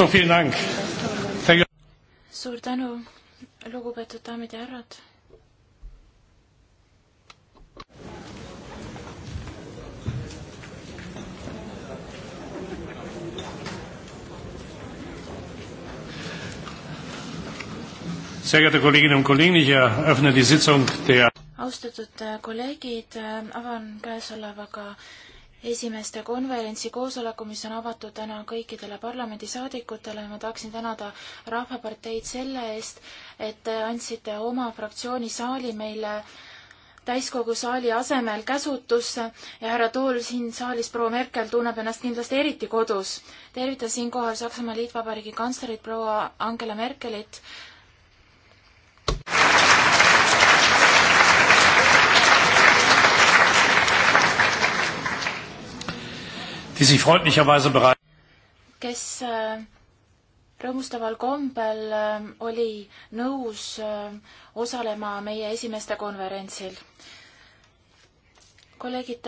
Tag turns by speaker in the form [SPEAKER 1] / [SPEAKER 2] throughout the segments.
[SPEAKER 1] So, vielen Dank.
[SPEAKER 2] suur tänu, lugupeetud daamid ja härrad.
[SPEAKER 1] Sehr geehrte Kolleginnen und Kollegen, ich eröffne die Sitzung der
[SPEAKER 2] austatud kolleegid, avan käesolevaga esimeste konverentsi koosoleku, mis on avatud täna kõikidele parlamendisaadikutele. ma tahaksin tänada Rahvaparteid selle eest, et te andsite oma fraktsiooni saali meile täiskogu saali asemel käsutusse ja härra Tool siin saalis, proua Merkel tunneb ennast kindlasti eriti kodus. tervitan siinkohal Saksamaa Liitvabariigi kantslerit proua Angela Merkelit.
[SPEAKER 1] kes
[SPEAKER 2] äh, rõõmustaval kombel äh, oli nõus äh, osalema meie esimeste konverentsil. kolleegid,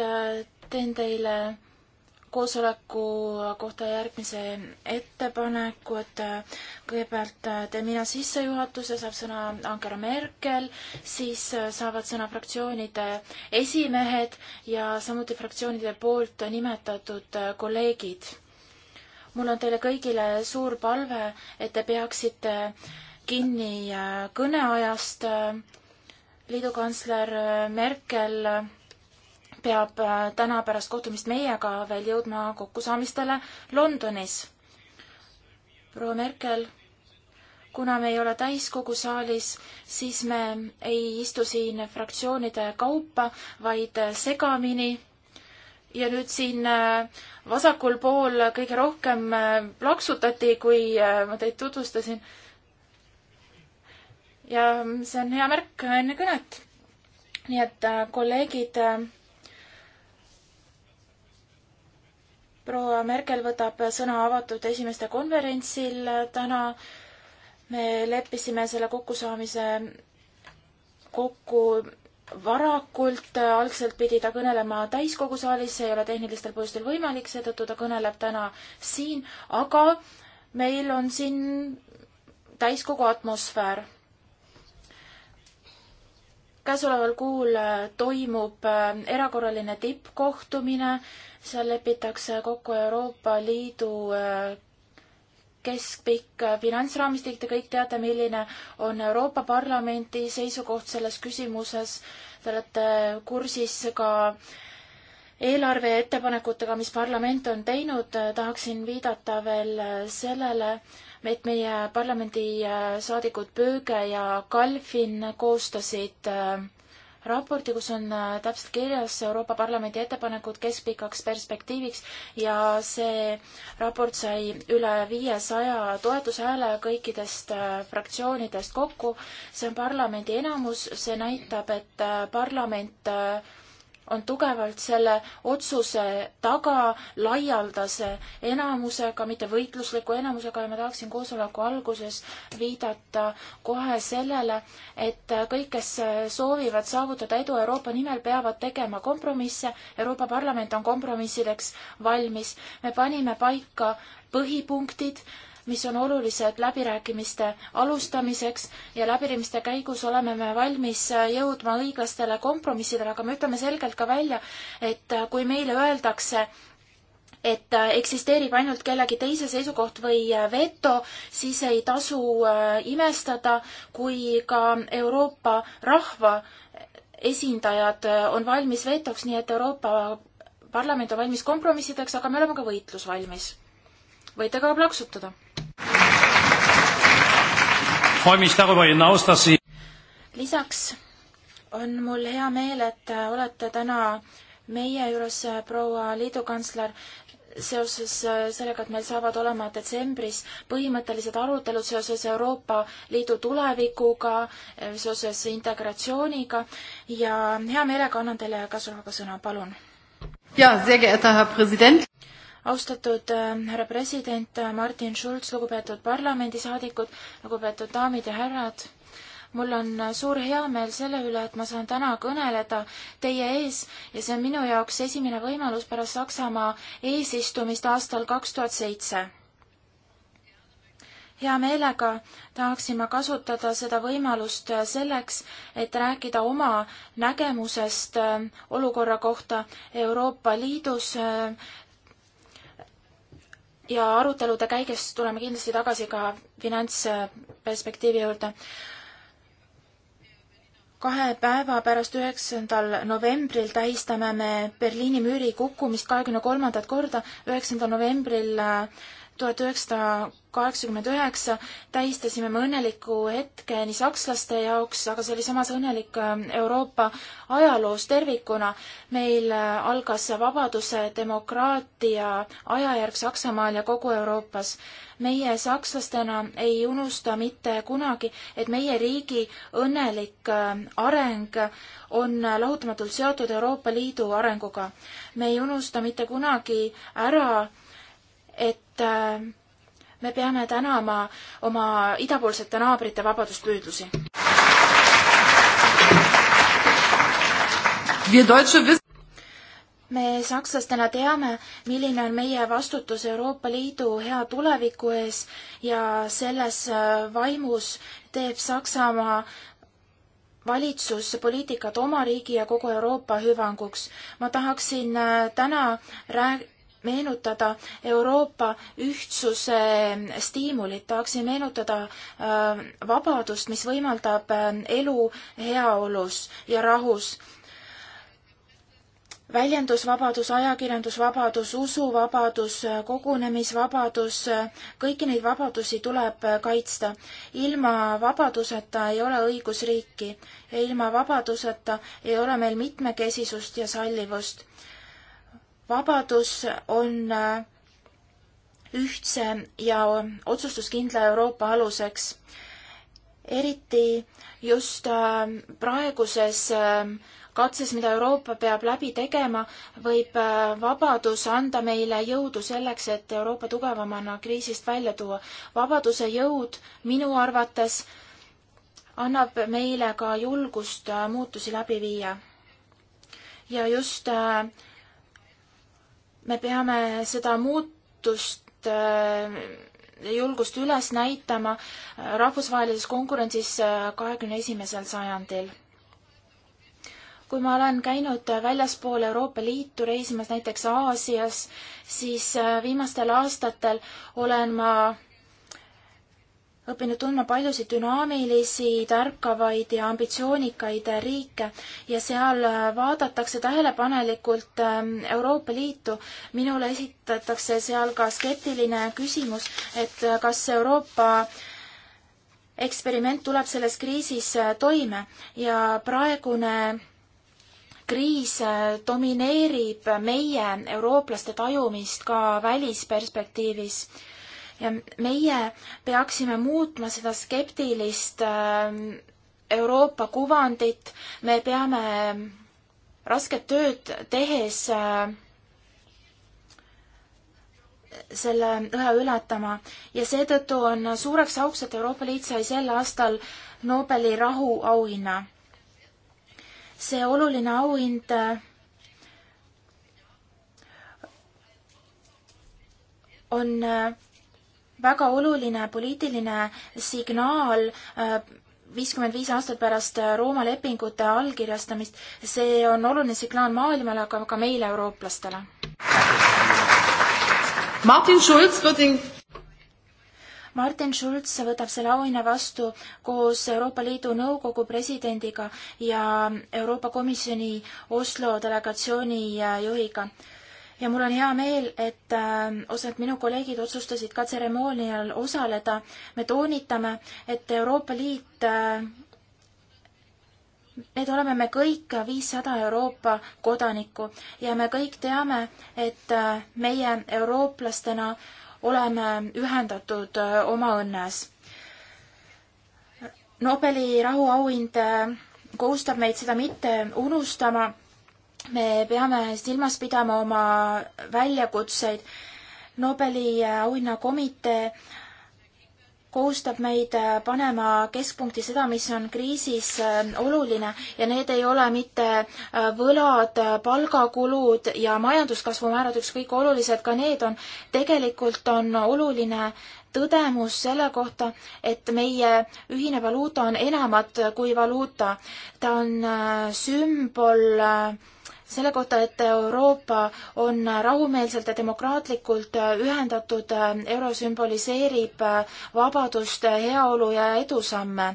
[SPEAKER 2] teen teile koosoleku kohta järgmise ettepaneku, et äh, kõigepealt äh, teen mina sissejuhatuse, saab sõna Angela Merkel, siis äh, saavad sõna fraktsioonide esimehed ja samuti fraktsioonide poolt nimetatud kolleegid. mul on teile kõigile suur palve, et te peaksite kinni kõneajast. liidukantsler Merkel peab äh, täna pärast kohtumist meiega veel jõudma kokkusaamistele Londonis. proua Merkel, kuna me ei ole täiskogu saalis, siis me ei istu siin fraktsioonide kaupa, vaid äh, segamini. ja nüüd siin äh, vasakul pool kõige rohkem plaksutati, kui ma teid tutvustasin. ja see on hea märk enne kõnet. nii et kolleegid proua Merkel võtab sõna avatud esimeste konverentsil täna. me leppisime selle kokkusaamise kokku varakult, algselt pidi ta kõnelema täiskogu saalis, see ei ole tehnilistel põhjustel võimalik, seetõttu ta kõneleb täna siin, aga meil on siin täiskogu atmosfäär käesoleval kuul äh, toimub äh, erakorraline tippkohtumine, seal lepitakse kokku Euroopa Liidu äh, keskpikk finantsraamistik, te kõik teate, milline on Euroopa Parlamendi seisukoht selles küsimuses. Te olete kursis ka eelarve ettepanekutega, mis parlament on teinud, tahaksin viidata veel sellele, et meie parlamendisaadikud äh, Pööge ja Kalfin koostasid äh, raporti, kus on äh, täpselt kirjas Euroopa Parlamendi ettepanekud keskpikaks perspektiiviks ja see raport sai üle viiesaja toetushääle kõikidest fraktsioonidest kokku. see on parlamendi enamus, see näitab, et parlament on tugevalt selle otsuse taga laialdase enamusega, mitte võitlusliku enamusega ja ma tahaksin koosoleku alguses viidata kohe sellele, et kõik, kes soovivad saavutada edu Euroopa nimel, peavad tegema kompromisse. Euroopa Parlament on kompromissideks valmis. me panime paika põhipunktid mis on olulised läbirääkimiste alustamiseks ja läbirääkimiste käigus oleme me valmis äh, jõudma õiglastele kompromissidele, aga me ütleme selgelt ka välja, et äh, kui meile öeldakse, et äh, eksisteerib ainult kellegi teise seisukoht või veto, siis ei tasu imestada, kui ka Euroopa rahva esindajad on valmis vetoks, nii et Euroopa Parlament on valmis kompromissideks, aga me oleme ka võitlus valmis. võite ka plaksutada lisaks on mul hea meel, et olete täna meie juures, äh, proua liidukantsler, seoses äh, sellega, et meil saavad olema detsembris põhimõttelised arutelud seoses Euroopa Liidu tulevikuga, äh, seoses integratsiooniga ja hea meelega annan teile ka sõnaga sõna, palun.
[SPEAKER 1] jaa, seega, härra president
[SPEAKER 2] austatud äh, härra president äh, Martin Schulz, lugupeetud parlamendisaadikud, lugupeetud daamid ja härrad. mul on äh, suur heameel selle üle, et ma saan täna kõneleda teie ees ja see on minu jaoks esimene võimalus pärast Saksamaa eesistumist aastal kaks tuhat seitse hea meelega tahaksin ma kasutada seda võimalust selleks, et rääkida oma nägemusest olukorra kohta Euroopa Liidus ja arutelude käigus tuleme kindlasti tagasi ka finantsperspektiivi juurde. kahe päeva pärast, üheksandal novembril tähistame me Berliini müüri kukkumist kahekümne kolmandat korda. üheksandal novembril äh, tuhat üheksasada kaheksakümmend üheksa tähistasime me õnneliku hetke nii sakslaste jaoks, aga see oli samas õnnelik Euroopa ajaloos tervikuna. meil äh, algas vabaduse, demokraatia ajajärg Saksamaal ja kogu Euroopas. meie sakslastena ei unusta mitte kunagi, et meie riigi õnnelik äh, areng on äh, lahutamatult seotud Euroopa Liidu arenguga. me ei unusta mitte kunagi ära, et äh, me peame tänama oma idapoolsete naabrite vabaduspüüdlusi. me sakslastena teame, milline on meie vastutus Euroopa Liidu hea tuleviku ees ja selles äh, vaimus teeb Saksamaa valitsus poliitikat oma riigi ja kogu Euroopa hüvanguks. ma tahaksin äh, täna rääk-, meenutada Euroopa ühtsuse stiimulit, tahaksin meenutada äh, vabadust, mis võimaldab äh, elu heaolus ja rahus. väljendusvabadus, ajakirjandusvabadus, usuvabadus, äh, kogunemisvabadus, kõiki neid vabadusi tuleb kaitsta. ilma vabaduseta ei ole õigusriiki ja ilma vabaduseta ei ole meil mitmekesisust ja sallivust vabadus on äh, ühtse ja otsustuskindla Euroopa aluseks. eriti just äh, praeguses äh, katses, mida Euroopa peab läbi tegema, võib vabadus anda meile jõudu selleks, et Euroopa tugevamana kriisist välja tuua. vabaduse jõud minu arvates annab meile ka julgust muutusi läbi viia. ja just me peame seda muutust äh, julgust üles näitama äh, rahvusvahelises konkurentsis äh, kahekümne esimesel sajandil. kui ma olen käinud väljaspool Euroopa Liitu reisimas näiteks Aasias, siis viimastel aastatel olen ma õppinud tundma paljusid dünaamilisi, tärkavaid ja ambitsioonikaid riike ja seal vaadatakse tähelepanelikult ähm, Euroopa Liitu. minule esitatakse seal ka skeptiline küsimus, et kas Euroopa eksperiment tuleb selles kriisis äh, toime ja praegune kriis äh, domineerib meie, eurooplaste tajumist ka välisperspektiivis ja meie peaksime muutma seda skeptilist ähm, Euroopa kuvandit, me peame ähm, rasket tööd tehes äh, selle ühe ületama ja seetõttu on suureks auks, et Euroopa Liit sai sel aastal Nobeli rahuauhinna. see oluline auhind äh, on äh, väga oluline poliitiline signaal äh, viiskümmend viis aastat pärast äh, Rooma lepingute allkirjastamist. see on oluline signaal maailmale, aga ka meile, eurooplastele. Martin Schulz wird in Martin Schulz võtab selle auhinna vastu koos Euroopa Liidu Nõukogu presidendiga ja Euroopa Komisjoni Oslo delegatsiooni äh, juhiga ja mul on hea meel, et äh, osad minu kolleegid otsustasid ka tseremoonial osaleda. me toonitame, et Euroopa Liit äh, Need oleme me kõik viissada Euroopa kodanikku ja me kõik teame, et äh, meie eurooplastena oleme ühendatud oma õnnes. Nobeli rahuauhind kohustab meid seda mitte unustama me peame silmas pidama oma väljakutseid. Nobeli auhinnakomitee kohustab meid panema keskpunkti seda, mis on kriisis äh, oluline ja need ei ole mitte äh, võlad, äh, palgakulud ja majanduskasvu määrad, ükskõik olulised ka need on. tegelikult on oluline tõdemus selle kohta, et meie ühine valuuta on enamat kui valuuta. ta on sümbol äh, selle kohta, et Euroopa on rahumeelselt ja demokraatlikult ühendatud, euro sümboliseerib vabadust, heaolu ja edusamme.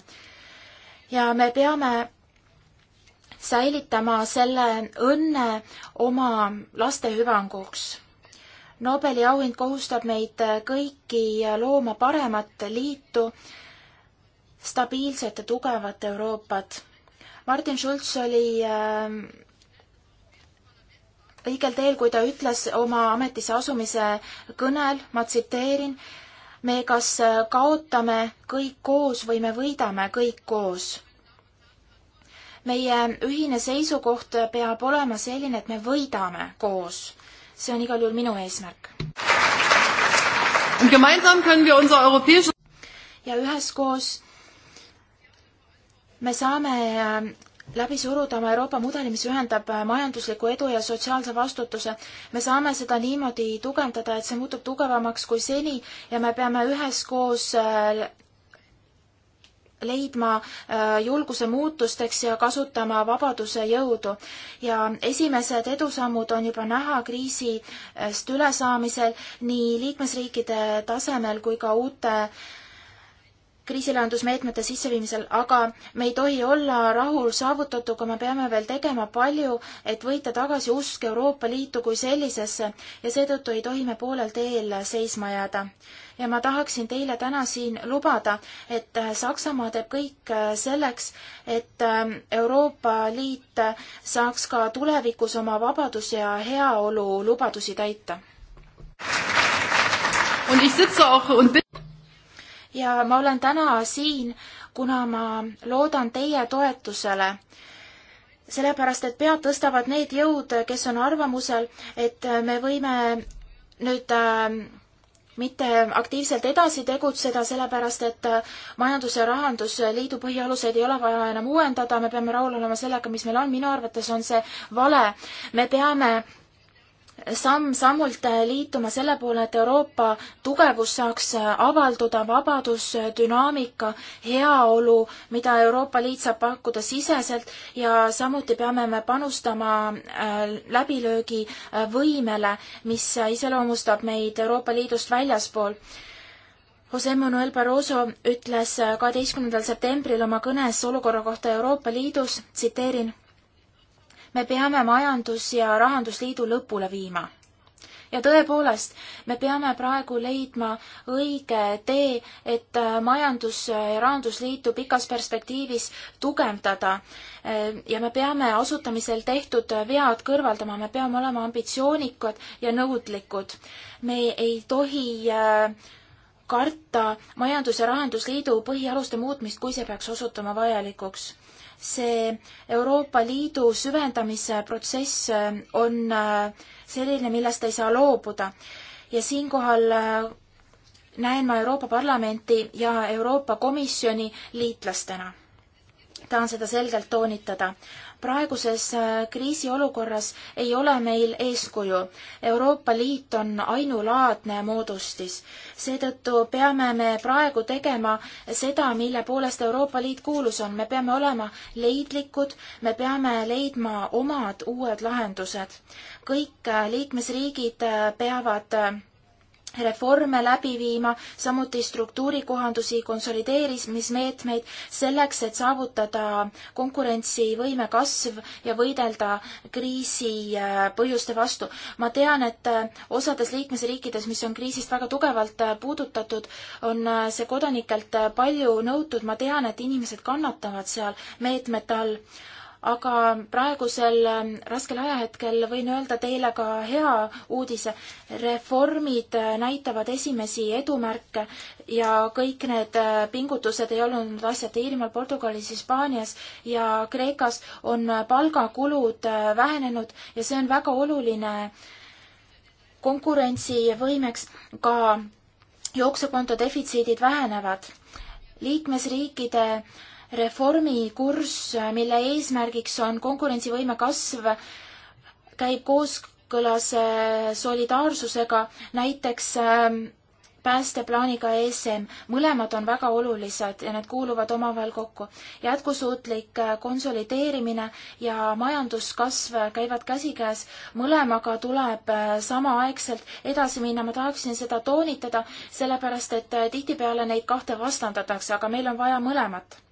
[SPEAKER 2] ja me peame säilitama selle õnne oma laste hüvanguks. Nobeli auhind kohustab meid kõiki looma paremat liitu, stabiilset ja tugevat Euroopat. Martin Schulz oli äh, õigel teel, kui ta ütles oma ametisse asumise kõnel, ma tsiteerin, me kas äh, kaotame kõik koos või me võidame kõik koos. meie ühine seisukoht peab olema selline, et me võidame koos. see on igal juhul minu eesmärk. ja üheskoos me saame äh, läbi suruda oma Euroopa mudeli, mis ühendab äh, majandusliku edu ja sotsiaalse vastutuse. me saame seda niimoodi tugevdada, et see muutub tugevamaks kui seni ja me peame üheskoos äh, leidma äh, julguse muutusteks ja kasutama vabaduse jõudu. ja esimesed edusammud on juba näha kriisist ülesaamisel nii liikmesriikide tasemel kui ka uute äh, kriisilahendusmeetmete sisseviimisel, aga me ei tohi olla rahul saavutatuga, me peame veel tegema palju, et võita tagasi usk Euroopa Liitu kui sellisesse ja seetõttu ei tohi me poolel teel seisma jääda. ja ma tahaksin teile täna siin lubada, et Saksamaa teeb kõik selleks, et Euroopa Liit saaks ka tulevikus oma vabadus ja heaolu lubadusi täita. Und ich sitze auch und bin ja ma olen täna siin, kuna ma loodan teie toetusele sellepärast, et pead tõstavad need jõud, kes on arvamusel, et me võime nüüd äh, mitte aktiivselt edasi tegutseda, sellepärast et äh, Majandus- ja Rahandusliidu põhialuseid ei ole vaja enam uuendada, me peame rahul olema sellega, mis meil on, minu arvates on see vale. me peame samm-sammult äh, liituma selle poole, et Euroopa tugevus saaks äh, avalduda, vabadus, äh, dünaamika, heaolu, mida Euroopa Liit saab pakkuda siseselt ja samuti peame me panustama läbilöögivõimele, mis iseloomustab meid Euroopa Liidust väljaspool Jose Manuel Barroso ütles kaheteistkümnendal septembril oma kõnes olukorra kohta Euroopa Liidus, tsiteerin me peame Majandus- ja Rahandusliidu lõpule viima. ja tõepoolest, me peame praegu leidma õige tee, et äh, Majandus- ja Rahandusliitu pikas perspektiivis tugevdada. Äh, ja me peame asutamisel tehtud äh, vead kõrvaldama, me peame olema ambitsioonikad ja nõudlikud. me ei tohi äh, karta Majandus- ja Rahandusliidu põhialuste muutmist, kui see peaks osutuma vajalikuks see Euroopa Liidu süvendamise protsess äh, on äh, selline, millest ei saa loobuda. ja siinkohal äh, näen ma Euroopa Parlamenti ja Euroopa Komisjoni liitlastena. tahan seda selgelt toonitada praeguses äh, kriisiolukorras ei ole meil eeskuju. Euroopa Liit on ainulaadne moodustis. seetõttu peame me praegu tegema seda, mille poolest Euroopa Liit kuulus on. me peame olema leidlikud, me peame leidma omad uued lahendused. kõik äh, liikmesriigid äh, peavad reforme läbi viima, samuti struktuurikohandusi, konsolideerimismeetmeid selleks, et saavutada konkurentsivõime kasv ja võidelda kriisi äh, põhjuste vastu. ma tean, et äh, osades liikmesriikides, mis on kriisist väga tugevalt äh, puudutatud, on see kodanikelt palju nõutud, ma tean, et inimesed kannatavad seal meetmete all aga praegusel ähm, raskel ajahetkel võin öelda teile ka hea uudise. reformid äh, näitavad esimesi edumärke ja kõik need äh, pingutused ei olnud asjata Iirimaal, Portugalis, Hispaanias ja Kreekas on äh, palgakulud vähenenud ja see on väga oluline konkurentsivõimeks ka jooksukonto defitsiidid vähenevad. liikmesriikide äh, reformi kurss, mille eesmärgiks on konkurentsivõime kasv, käib kooskõlas äh, solidaarsusega, näiteks ähm, päästeplaaniga ESM, mõlemad on väga olulised ja need kuuluvad omavahel kokku. jätkusuutlik äh, konsolideerimine ja majanduskasv käivad käsikäes, mõlemaga tuleb äh, samaaegselt edasi minna, ma tahaksin seda toonitada, sellepärast et tihtipeale neid kahte vastandatakse, aga meil on vaja mõlemat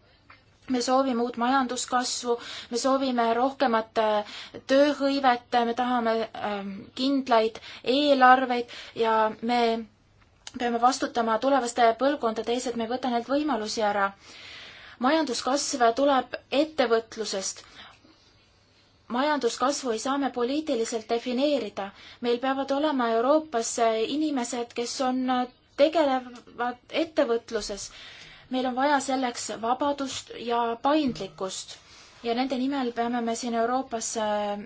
[SPEAKER 2] me soovime uut majanduskasvu, me soovime rohkemat äh, tööhõivet, me tahame ähm, kindlaid eelarveid ja me peame vastutama tulevaste põlvkondade ees, et me ei võta neilt võimalusi ära. majanduskasv tuleb ettevõtlusest. majanduskasvu ei saa me poliitiliselt defineerida. meil peavad olema Euroopas inimesed, kes on, äh, tegelevad ettevõtluses meil on vaja selleks vabadust ja paindlikkust ja nende nimel peame me siin Euroopas äh,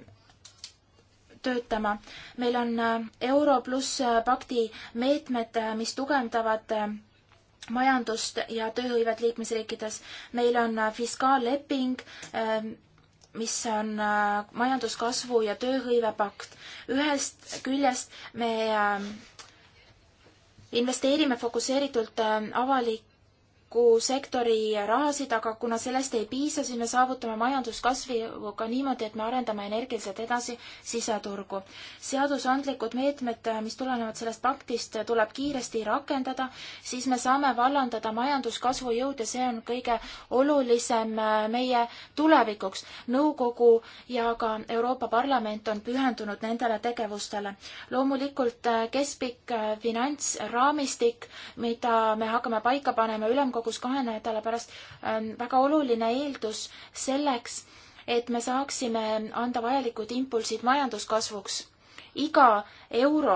[SPEAKER 2] töötama. meil on äh, Euro pluss äh, pakti meetmed, mis tugevdavad majandust ja tööhõivet liikmesriikides. meil on fiskaalleping, mis on majanduskasvu ja tööhõive pakt. ühest küljest me investeerime fokusseeritult avalik avaliku sektori rahasid, aga kuna sellest ei piisa, siis me saavutame majanduskasvu ka niimoodi, et me arendame energiliselt edasi siseturgu. seadusandlikud meetmed, mis tulenevad sellest paktist, tuleb kiiresti rakendada, siis me saame vallandada majanduskasvu jõud ja see on kõige olulisem äh, meie tulevikuks. nõukogu ja ka Euroopa Parlament on pühendunud nendele tegevustele. loomulikult äh, keskpikk äh, finantsraamistik, mida me hakkame paika panema ülemkogu Ülemkogus kahe nädala pärast ähm, väga oluline eeldus selleks, et me saaksime anda vajalikud impulsid majanduskasvuks. iga euro,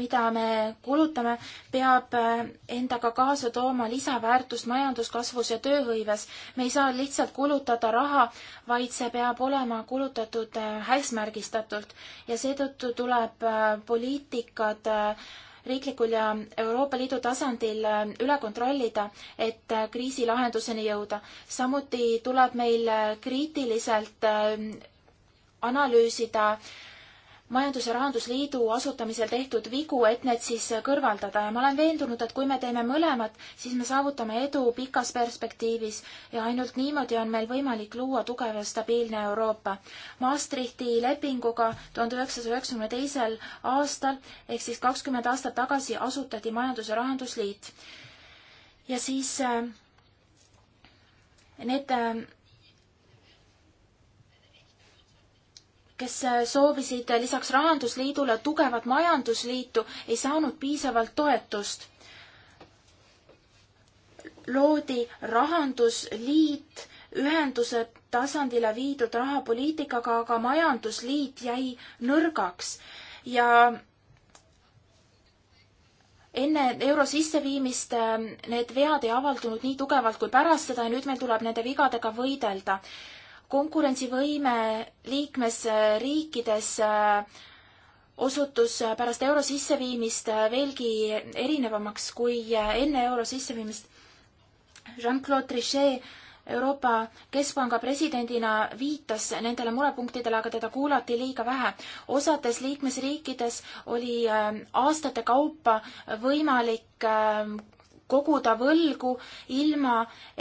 [SPEAKER 2] mida me kulutame, peab äh, endaga kaasa tooma lisaväärtust majanduskasvus ja tööhõives. me ei saa lihtsalt kulutada raha, vaid see peab olema kulutatud äh, häsmärgistatult ja seetõttu tuleb äh, poliitikad äh, riiklikul ja Euroopa Liidu tasandil äh, üle kontrollida, et äh, kriisi lahenduseni jõuda. samuti tuleb meil kriitiliselt äh, analüüsida äh, majandus- ja rahandusliidu asutamisel tehtud vigu, et need siis kõrvaldada ja ma olen veendunud, et kui me teeme mõlemat, siis me saavutame edu pikas perspektiivis ja ainult niimoodi on meil võimalik luua tugev ja stabiilne Euroopa. Maastrichti lepinguga tuhande üheksasaja üheksakümne teisel aastal ehk siis kakskümmend aastat tagasi asutati Majandus- ja Rahandusliit. ja siis äh, need äh, kes äh, soovisid äh, lisaks Rahandusliidule tugevat majandusliitu, ei saanud piisavalt toetust. loodi Rahandusliit ühenduse tasandile viidud rahapoliitikaga, aga majandusliit jäi nõrgaks ja enne euro sisseviimist äh, need vead ei avaldunud nii tugevalt kui pärast seda ja nüüd meil tuleb nende vigadega võidelda konkurentsivõime liikmesriikides äh, osutus äh, pärast euro sisseviimist äh, veelgi erinevamaks kui enne euro sisseviimist. Jean-Claude Trichet Euroopa Keskpanga presidendina viitas nendele murepunktidele, aga teda kuulati liiga vähe. osates liikmesriikides oli aastate kaupa võimalik koguda võlgu, ilma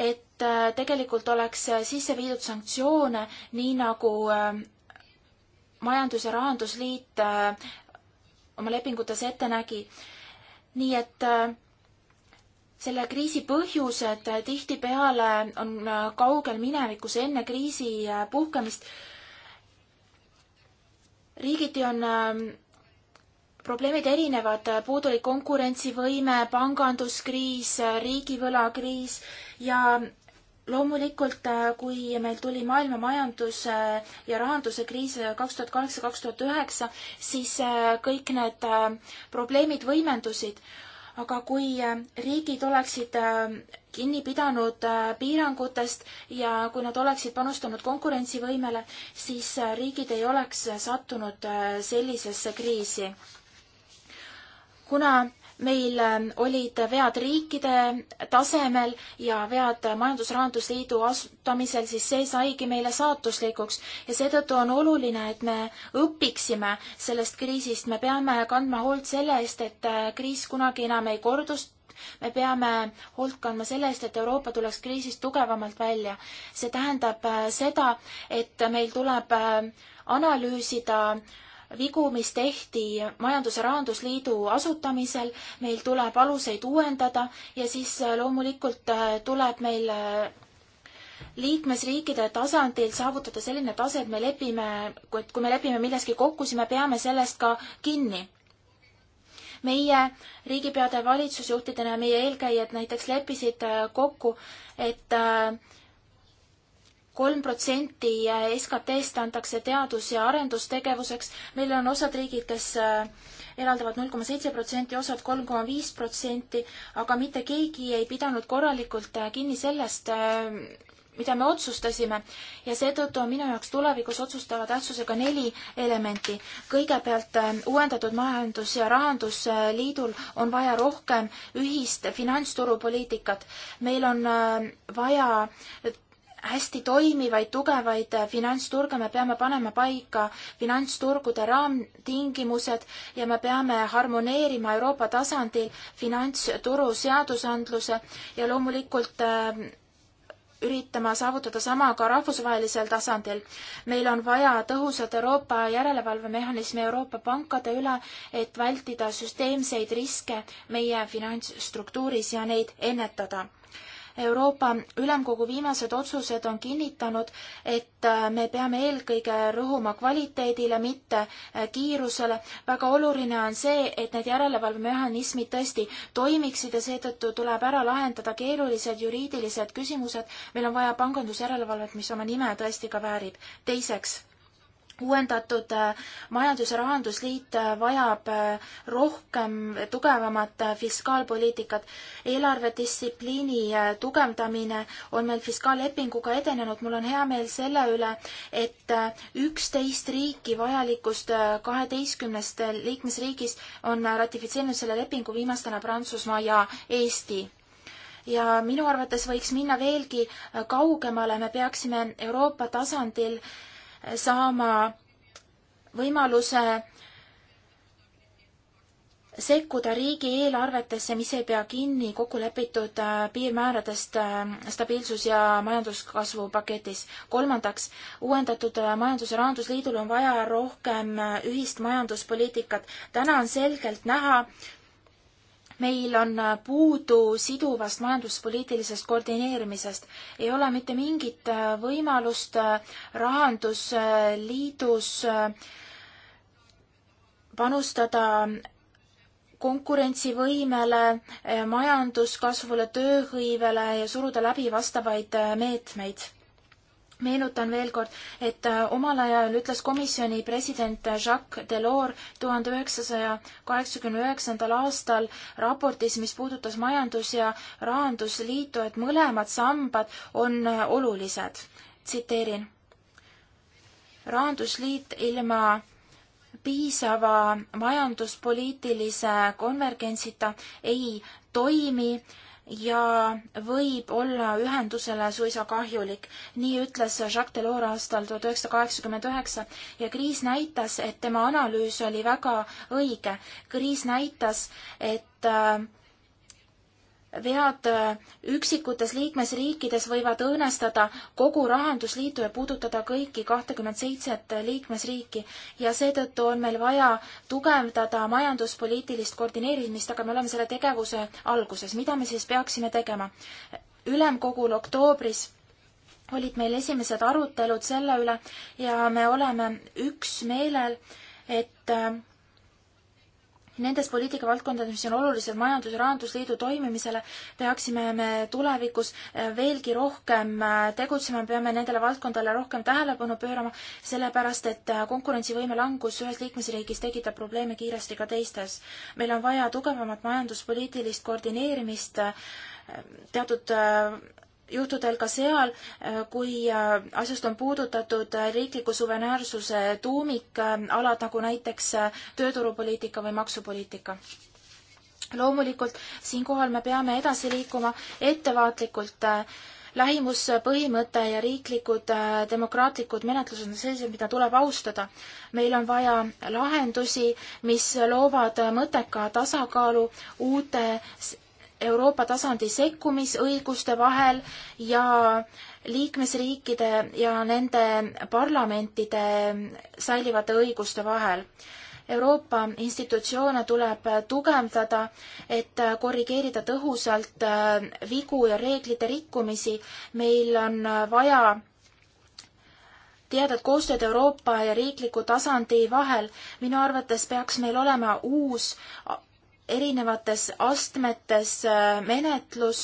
[SPEAKER 2] et äh, tegelikult oleks sisse viidud sanktsioone, nii nagu äh, majandus- ja rahandusliit äh, oma lepingutes ette nägi. nii et selle kriisi põhjused tihtipeale on kaugel minevikus enne kriisi puhkemist. riigiti on probleemid erinevad, puudulik konkurentsivõime, panganduskriis, riigivõlakriis ja loomulikult, äh, kui meil tuli maailma majanduse äh, ja rahanduse kriis äh, kaks tuhat kaheksa, kaks tuhat üheksa, siis kõik need probleemid võimendusid. aga kui riigid oleksid kinni pidanud piirangutest ja kui nad oleksid panustanud konkurentsivõimele, siis riigid ei oleks sattunud sellisesse kriisi kuna meil ähm, olid vead riikide tasemel ja vead Majandus-Rahandusliidu asutamisel, siis see saigi meile saatuslikuks ja seetõttu on oluline, et me õpiksime sellest kriisist, me peame kandma hoolt selle eest, et äh, kriis kunagi enam ei kordus, me peame hoolt kandma selle eest, et Euroopa tuleks kriisist tugevamalt välja. see tähendab äh, seda, et meil tuleb äh, analüüsida äh, vigu, mis tehti Majandus- ja Rahandusliidu asutamisel, meil tuleb aluseid uuendada ja siis äh, loomulikult äh, tuleb meil äh, liikmesriikide tasandil saavutada selline tase, et me lepime, kui me lepime milleski kokku, siis me peame sellest ka kinni meie riigipeade valitsusjuhtidena ja meie eelkäijad näiteks leppisid kokku, et äh, kolm protsenti SKT-st antakse teadus- ja arendustegevuseks, meil on osad riigid, kes äh, eraldavad null koma seitse protsenti, osad kolm koma viis protsenti, aga mitte keegi ei pidanud korralikult äh, kinni sellest, äh, mida me otsustasime ja seetõttu on minu jaoks tulevikus otsustava tähtsusega neli elementi. kõigepealt uuendatud majandus- ja rahandusliidul on vaja rohkem ühist finantsturupoliitikat. meil on vaja hästi toimivaid, tugevaid äh, finantsturge, me peame panema paika finantsturgude raamtingimused ja me peame harmoneerima Euroopa tasandil finantsturu seadusandluse ja loomulikult äh, üritama saavutada sama ka rahvusvahelisel tasandil. meil on vaja tõhusat Euroopa järelevalvemehhanismi Euroopa pankade üle, et vältida süsteemseid riske meie finantsstruktuuris ja neid ennetada Euroopa Ülemkogu viimased otsused on kinnitanud, et äh, me peame eelkõige rõhuma kvaliteedile, mitte äh, kiirusele. väga oluline on see, et need järelevalvemehhanismid tõesti toimiksid ja seetõttu tuleb ära lahendada keerulised juriidilised küsimused. meil on vaja pangandusjärelevalvet, mis oma nime tõesti ka väärib. teiseks uuendatud äh, majandus- ja rahandusliit äh, vajab äh, rohkem, tugevamat fiskaalpoliitikat. eelarvedistsipliini tugevdamine on meil fiskaallepinguga edenenud. mul on hea meel selle üle, et üksteist riiki vajalikust kaheteistkümnest liikmesriigist on ratifitseerinud selle lepingu, viimastena Prantsusmaa ja Eesti ja minu arvates võiks minna veelgi kaugemale, me peaksime Euroopa tasandil äh, saama võimaluse sekkuda riigieelarvetesse, mis ei pea kinni kokkulepitud äh, piirmääradest äh, stabiilsus- ja majanduskasvu paketis. kolmandaks, uuendatud äh, Majandus- ja Rahandusliidul on vaja rohkem ühist majanduspoliitikat. täna on selgelt näha, meil on äh, puudu siduvast majanduspoliitilisest koordineerimisest. ei ole mitte mingit äh, võimalust äh, Rahandusliidus panustada konkurentsivõimele, majanduskasvule, tööhõivele ja suruda läbi vastavaid meetmeid meenutan veel kord, et äh, omal ajal ütles komisjoni president Jacques Delors tuhande üheksasaja kaheksakümne üheksandal aastal raportis, mis puudutas majandus- ja rahandusliitu, et mõlemad sambad on äh, olulised. tsiteerin. rahandusliit ilma piisava majanduspoliitilise konvergentsita ei toimi ja võib olla ühendusele suisa kahjulik. nii ütles Jacques Delors aastal tuhat üheksasada kaheksakümmend üheksa ja kriis näitas, et tema analüüs oli väga õige. kriis näitas, et äh, vead äh, üksikutes liikmesriikides võivad õõnestada kogu Rahandusliitu ja puudutada kõiki kahtekümmet seitset liikmesriiki ja seetõttu on meil vaja tugevdada majanduspoliitilist koordineerimist, aga me oleme selle tegevuse alguses. mida me siis peaksime tegema? ülemkogul oktoobris olid meil esimesed arutelud selle üle ja me oleme üksmeelel, et äh, nendes poliitikavaldkondades, mis on olulised majandus- ja rahandusliidu toimimisele, peaksime me tulevikus äh, veelgi rohkem äh, tegutsema, peame nendele valdkondadele rohkem tähelepanu pöörama, sellepärast et äh, konkurentsivõime langus ühes liikmesriigis tekitab probleeme kiiresti ka teistes. meil on vaja tugevamat majanduspoliitilist koordineerimist teatud juhtudel ka seal, äh, kui äh, asjast on puudutatud äh, riikliku suveräänsuse tuumikalad, nagu näiteks tööturupoliitika või maksupoliitika loomulikult siinkohal me peame edasi liikuma ettevaatlikult. lähimuspõhimõte ja riiklikud demokraatlikud menetlused on sellised, mida tuleb austada. meil on vaja lahendusi, mis loovad mõtteka tasakaalu uute Euroopa tasandi sekkumisõiguste vahel ja liikmesriikide ja nende parlamentide säilivate õiguste vahel. Euroopa institutsioone tuleb tugevdada, et korrigeerida tõhusalt äh, vigu ja reeglite rikkumisi. meil on äh, vaja tihedat koostööd Euroopa ja riikliku tasandi vahel. minu arvates peaks meil olema uus erinevates astmetes äh, menetlus,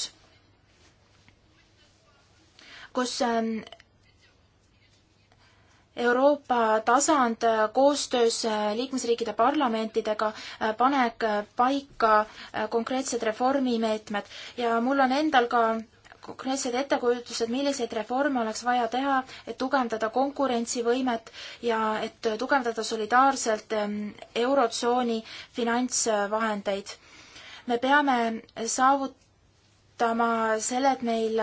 [SPEAKER 2] kus ähm, Euroopa tasand äh, koostöös äh, liikmesriikide parlamentidega paneb paika konkreetsed reformimeetmed ja mul on endal ka konkreetsed ettekujutused, milliseid reforme oleks vaja teha, et tugevdada konkurentsivõimet ja et tugevdada solidaarselt ähm, Eurotsooni finantsvahendeid. me peame saavutama selle, et meil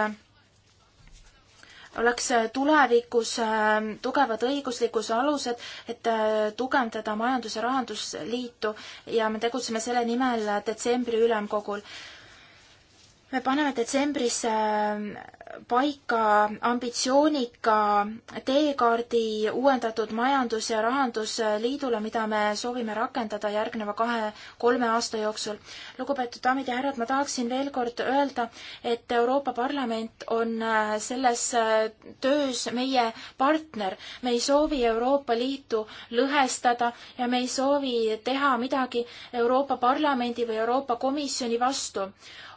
[SPEAKER 2] oleks tulevikus ähm, tugevad õiguslikud alused, et äh, tugevdada Majandus- ja Rahandusliitu ja me tegutseme selle nimel äh, detsembri ülemkogul me paneme detsembris ähm, paika ambitsioonika teekaardi uuendatud majandus- ja rahandusliidule, mida me soovime rakendada järgneva kahe-kolme aasta jooksul. lugupeetud daamid ja härrad, ma tahaksin veel kord öelda, et Euroopa Parlament on äh, selles äh, töös meie partner. me ei soovi Euroopa Liitu lõhestada ja me ei soovi teha midagi Euroopa Parlamendi või Euroopa Komisjoni vastu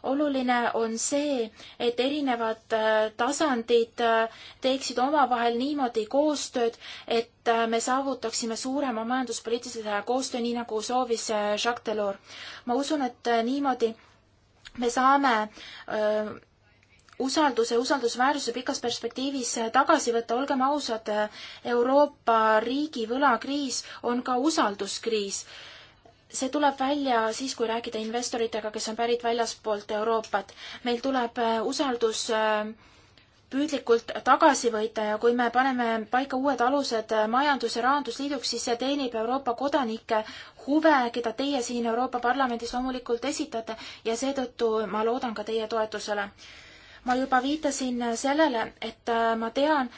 [SPEAKER 2] oluline on see, et erinevad äh, tasandid äh, teeksid omavahel niimoodi koostööd, et äh, me saavutaksime suurema majanduspoliitilise koostöö, nii nagu soovis äh, Jacques Delors. ma usun, et niimoodi me saame öö, usalduse, usaldusväärsuse pikas perspektiivis tagasi võtta, olgem ausad, Euroopa riigi võlakriis on ka usalduskriis see tuleb välja siis, kui rääkida investoritega, kes on pärit väljaspoolt Euroopat. meil tuleb äh, usaldus äh, püüdlikult tagasi võita ja kui me paneme paika uued alused äh, Majandus- ja Rahandusliiduks, siis see teenib Euroopa kodanike huve, keda teie siin Euroopa Parlamendis loomulikult esitate ja seetõttu ma loodan ka teie toetusele. ma juba viitasin sellele, et ma tean,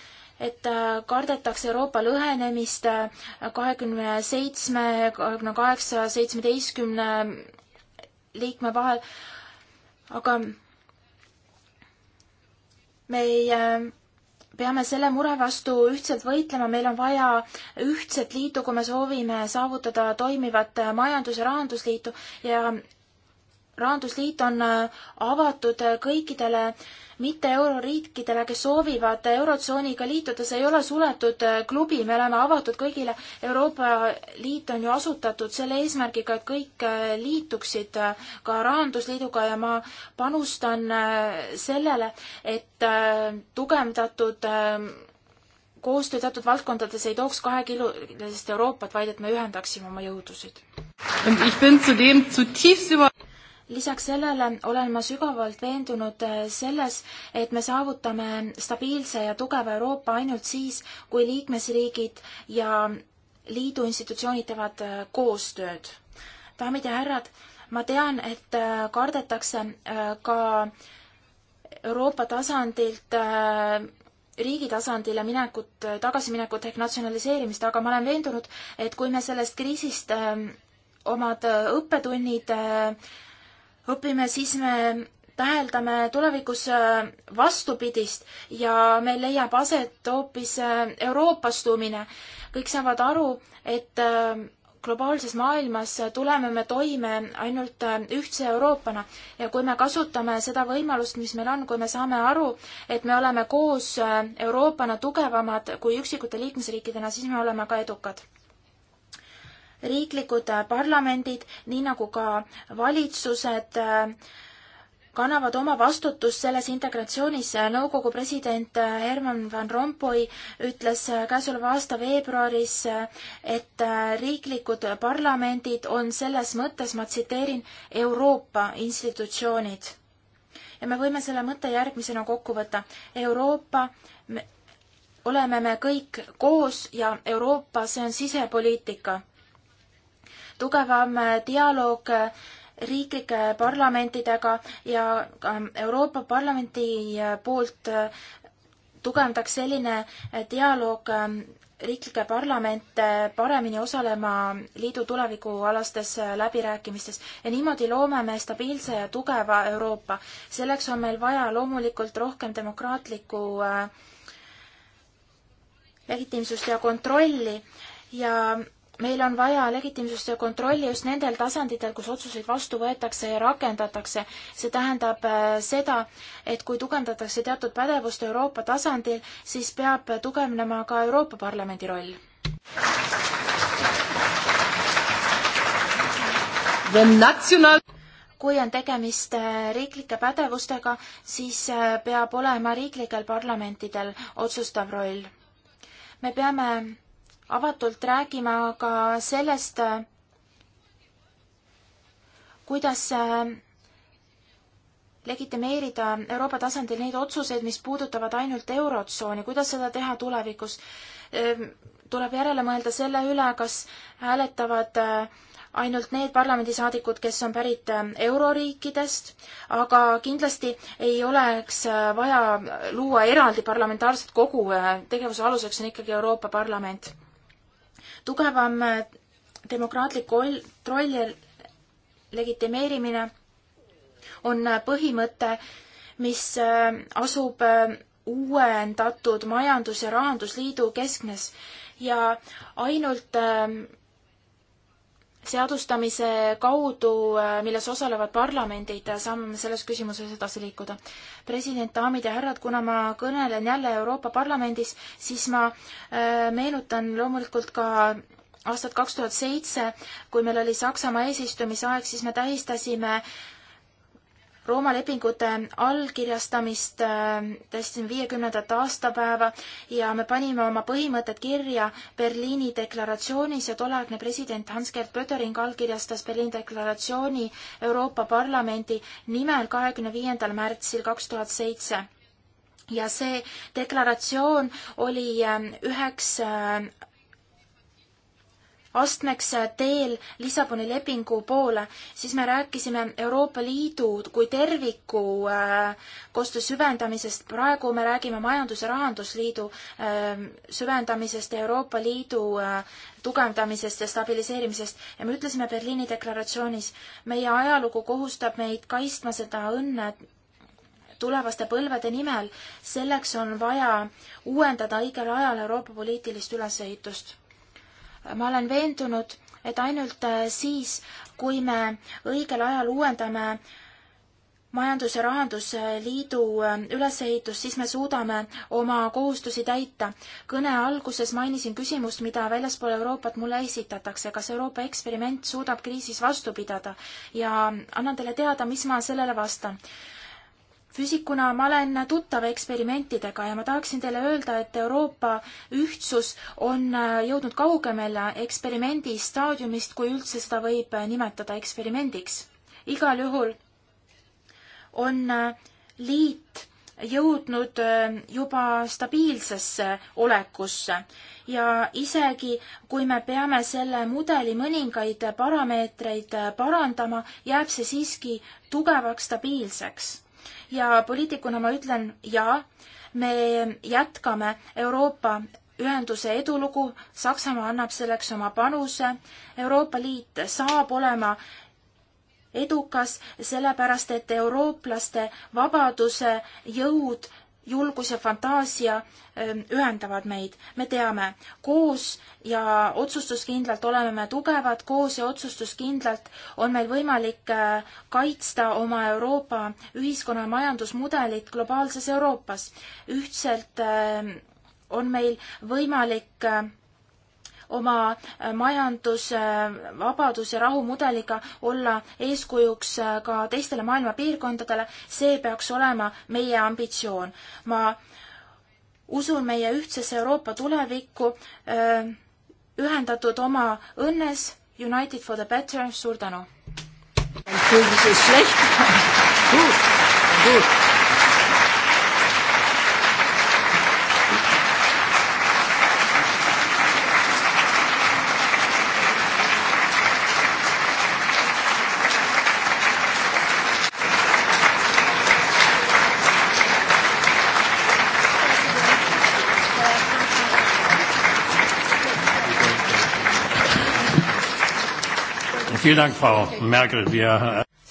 [SPEAKER 2] et äh, kardetakse Euroopa lõhenemist äh, kahekümne seitsme, kahekümne kaheksa, seitsmeteistkümne liikme vahel, aga me ei äh, peame selle mure vastu ühtselt võitlema, meil on vaja ühtset liitu, kui me soovime saavutada toimivat majandus- ja rahandusliitu ja rahandusliit on äh, avatud äh, kõikidele mitte euroriikidele, kes soovivad äh, Eurotsooniga liituda, see ei ole suletud klubi, me oleme avatud kõigile. Euroopa Liit on ju asutatud selle eesmärgiga, et kõik liituksid ka Rahandusliiduga ja ma panustan sellele, et tugevdatud koostöö teatud valdkondades ei tooks kahekilulist Euroopat, vaid et me ühendaksime oma jõudusid lisaks sellele olen ma sügavalt veendunud äh, selles, et me saavutame stabiilse ja tugeva Euroopa ainult siis, kui liikmesriigid ja liidu institutsioonid teevad äh, koostööd. daamid ja härrad, ma tean, et äh, kardetakse ka Euroopa tasandilt riigi tasandile minekut, tagasiminekut ehk natsionaliseerimist, aga ma olen veendunud, et kui me sellest kriisist omad õppetunnid õpime, siis me täheldame tulevikus äh, vastupidist ja meil leiab aset hoopis äh, euroopastumine. kõik saavad aru, et äh, globaalses maailmas tuleme me toime ainult ühtse Euroopana ja kui me kasutame seda võimalust, mis meil on, kui me saame aru, et me oleme koos Euroopana tugevamad kui üksikute liikmesriikidena, siis me oleme ka edukad riiklikud äh, parlamendid, nii nagu ka valitsused, äh, kannavad oma vastutust selles integratsioonis. Äh, nõukogu president Herman Van Rompuy ütles käesoleva aasta veebruaris, et riiklikud parlamendid on selles mõttes, ma tsiteerin, Euroopa institutsioonid. ja me võime selle mõtte järgmisena kokku võtta. Euroopa oleme me kõik koos ja Euroopa, see on sisepoliitika tugevam dialoog riiklike parlamentidega ja ka Euroopa Parlamendi poolt tugevdaks selline dialoog riiklikke parlamente paremini osalema liidu tulevikualastes läbirääkimistes ja niimoodi loome me stabiilse ja tugeva Euroopa. selleks on meil vaja loomulikult rohkem demokraatlikku äh, legitiimsust ja kontrolli ja meil on vaja legitiimsust ja kontrolli just nendel tasanditel, kus otsuseid vastu võetakse ja rakendatakse. see tähendab äh, seda, et kui tugevdatakse teatud pädevust Euroopa tasandil, siis peab tugevnema ka Euroopa Parlamendi roll. National... kui on tegemist äh, riiklike pädevustega, siis äh, peab olema riiklikel parlamentidel otsustav roll. me peame avatult räägima ka sellest, kuidas äh, legitimeerida Euroopa tasandil neid otsuseid, mis puudutavad ainult Eurotsooni, kuidas seda teha tulevikus? Äh, tuleb järele mõelda selle üle, kas hääletavad äh, ainult need parlamendisaadikud, kes on pärit euroriikidest, aga kindlasti ei oleks vaja luua eraldi parlamentaarset kogu, tegevuse aluseks on ikkagi Euroopa Parlament tugevam äh, demokraatlik kontroll ja legitimeerimine on äh, põhimõte, mis äh, asub uuendatud Majandus- ja Rahandusliidu keskmes ja ainult seadustamise kaudu, äh, milles osalevad parlamendid, äh, saame selles küsimuses edasi liikuda. president, daamid ja härrad, kuna ma kõnelen jälle Euroopa Parlamendis, siis ma äh, meenutan loomulikult ka aastat kaks tuhat seitse, kui meil oli Saksamaa eesistumise aeg, siis me tähistasime Rooma lepingute allkirjastamist tähistasime viiekümnendat aastapäeva ja me panime oma põhimõtted kirja Berliini deklaratsioonis ja tolleaegne president Hans-Gerd Pöttering allkirjastas Berliini deklaratsiooni Euroopa Parlamendi nimel kahekümne viiendal märtsil kaks tuhat seitse ja see deklaratsioon oli äh, üheks äh, astmeks teel Lissaboni lepingu poole, siis me rääkisime Euroopa Liidu kui terviku äh, koostöö süvendamisest, praegu me räägime Majandus- ja Rahandusliidu ähm, süvendamisest ja Euroopa Liidu äh, tugevdamisest ja stabiliseerimisest ja me ütlesime Berliini deklaratsioonis, meie ajalugu kohustab meid kaitsma seda õnne tulevaste põlvede nimel, selleks on vaja uuendada õigel ajal Euroopa poliitilist ülesehitust ma olen veendunud, et ainult äh, siis, kui me õigel ajal uuendame majandus- ja rahandusliidu äh, ülesehitust, siis me suudame oma kohustusi täita. kõne alguses mainisin küsimust, mida väljaspool Euroopat mulle esitatakse, kas Euroopa eksperiment suudab kriisis vastu pidada ja annan teile teada, mis ma sellele vastan füüsikuna ma olen tuttav eksperimentidega ja ma tahaksin teile öelda, et Euroopa ühtsus on äh, jõudnud kaugemale eksperimendi staadiumist, kui üldse seda võib äh, nimetada eksperimendiks. igal juhul on äh, liit jõudnud juba stabiilsesse olekusse ja isegi kui me peame selle mudeli mõningaid parameetreid parandama, jääb see siiski tugevaks stabiilseks ja poliitikuna ma ütlen jaa, me jätkame Euroopa ühenduse edulugu, Saksamaa annab selleks oma panuse, Euroopa Liit saab olema edukas, sellepärast et eurooplaste vabaduse jõud julgus ja fantaasia ähm, ühendavad meid. me teame, koos ja otsustuskindlalt oleme me tugevad, koos ja otsustuskindlalt on meil võimalik äh, kaitsta oma Euroopa ühiskonna majandusmudelit globaalses Euroopas. ühtselt ähm, on meil võimalik äh, oma äh, majanduse äh, vabadus- ja rahumudeliga olla eeskujuks äh, ka teistele maailma piirkondadele, see peaks olema meie ambitsioon. ma usun meie ühtsesse Euroopa tulevikku, ühendatud oma õnnes, United for the better, suur tänu!
[SPEAKER 1] Gut, gut.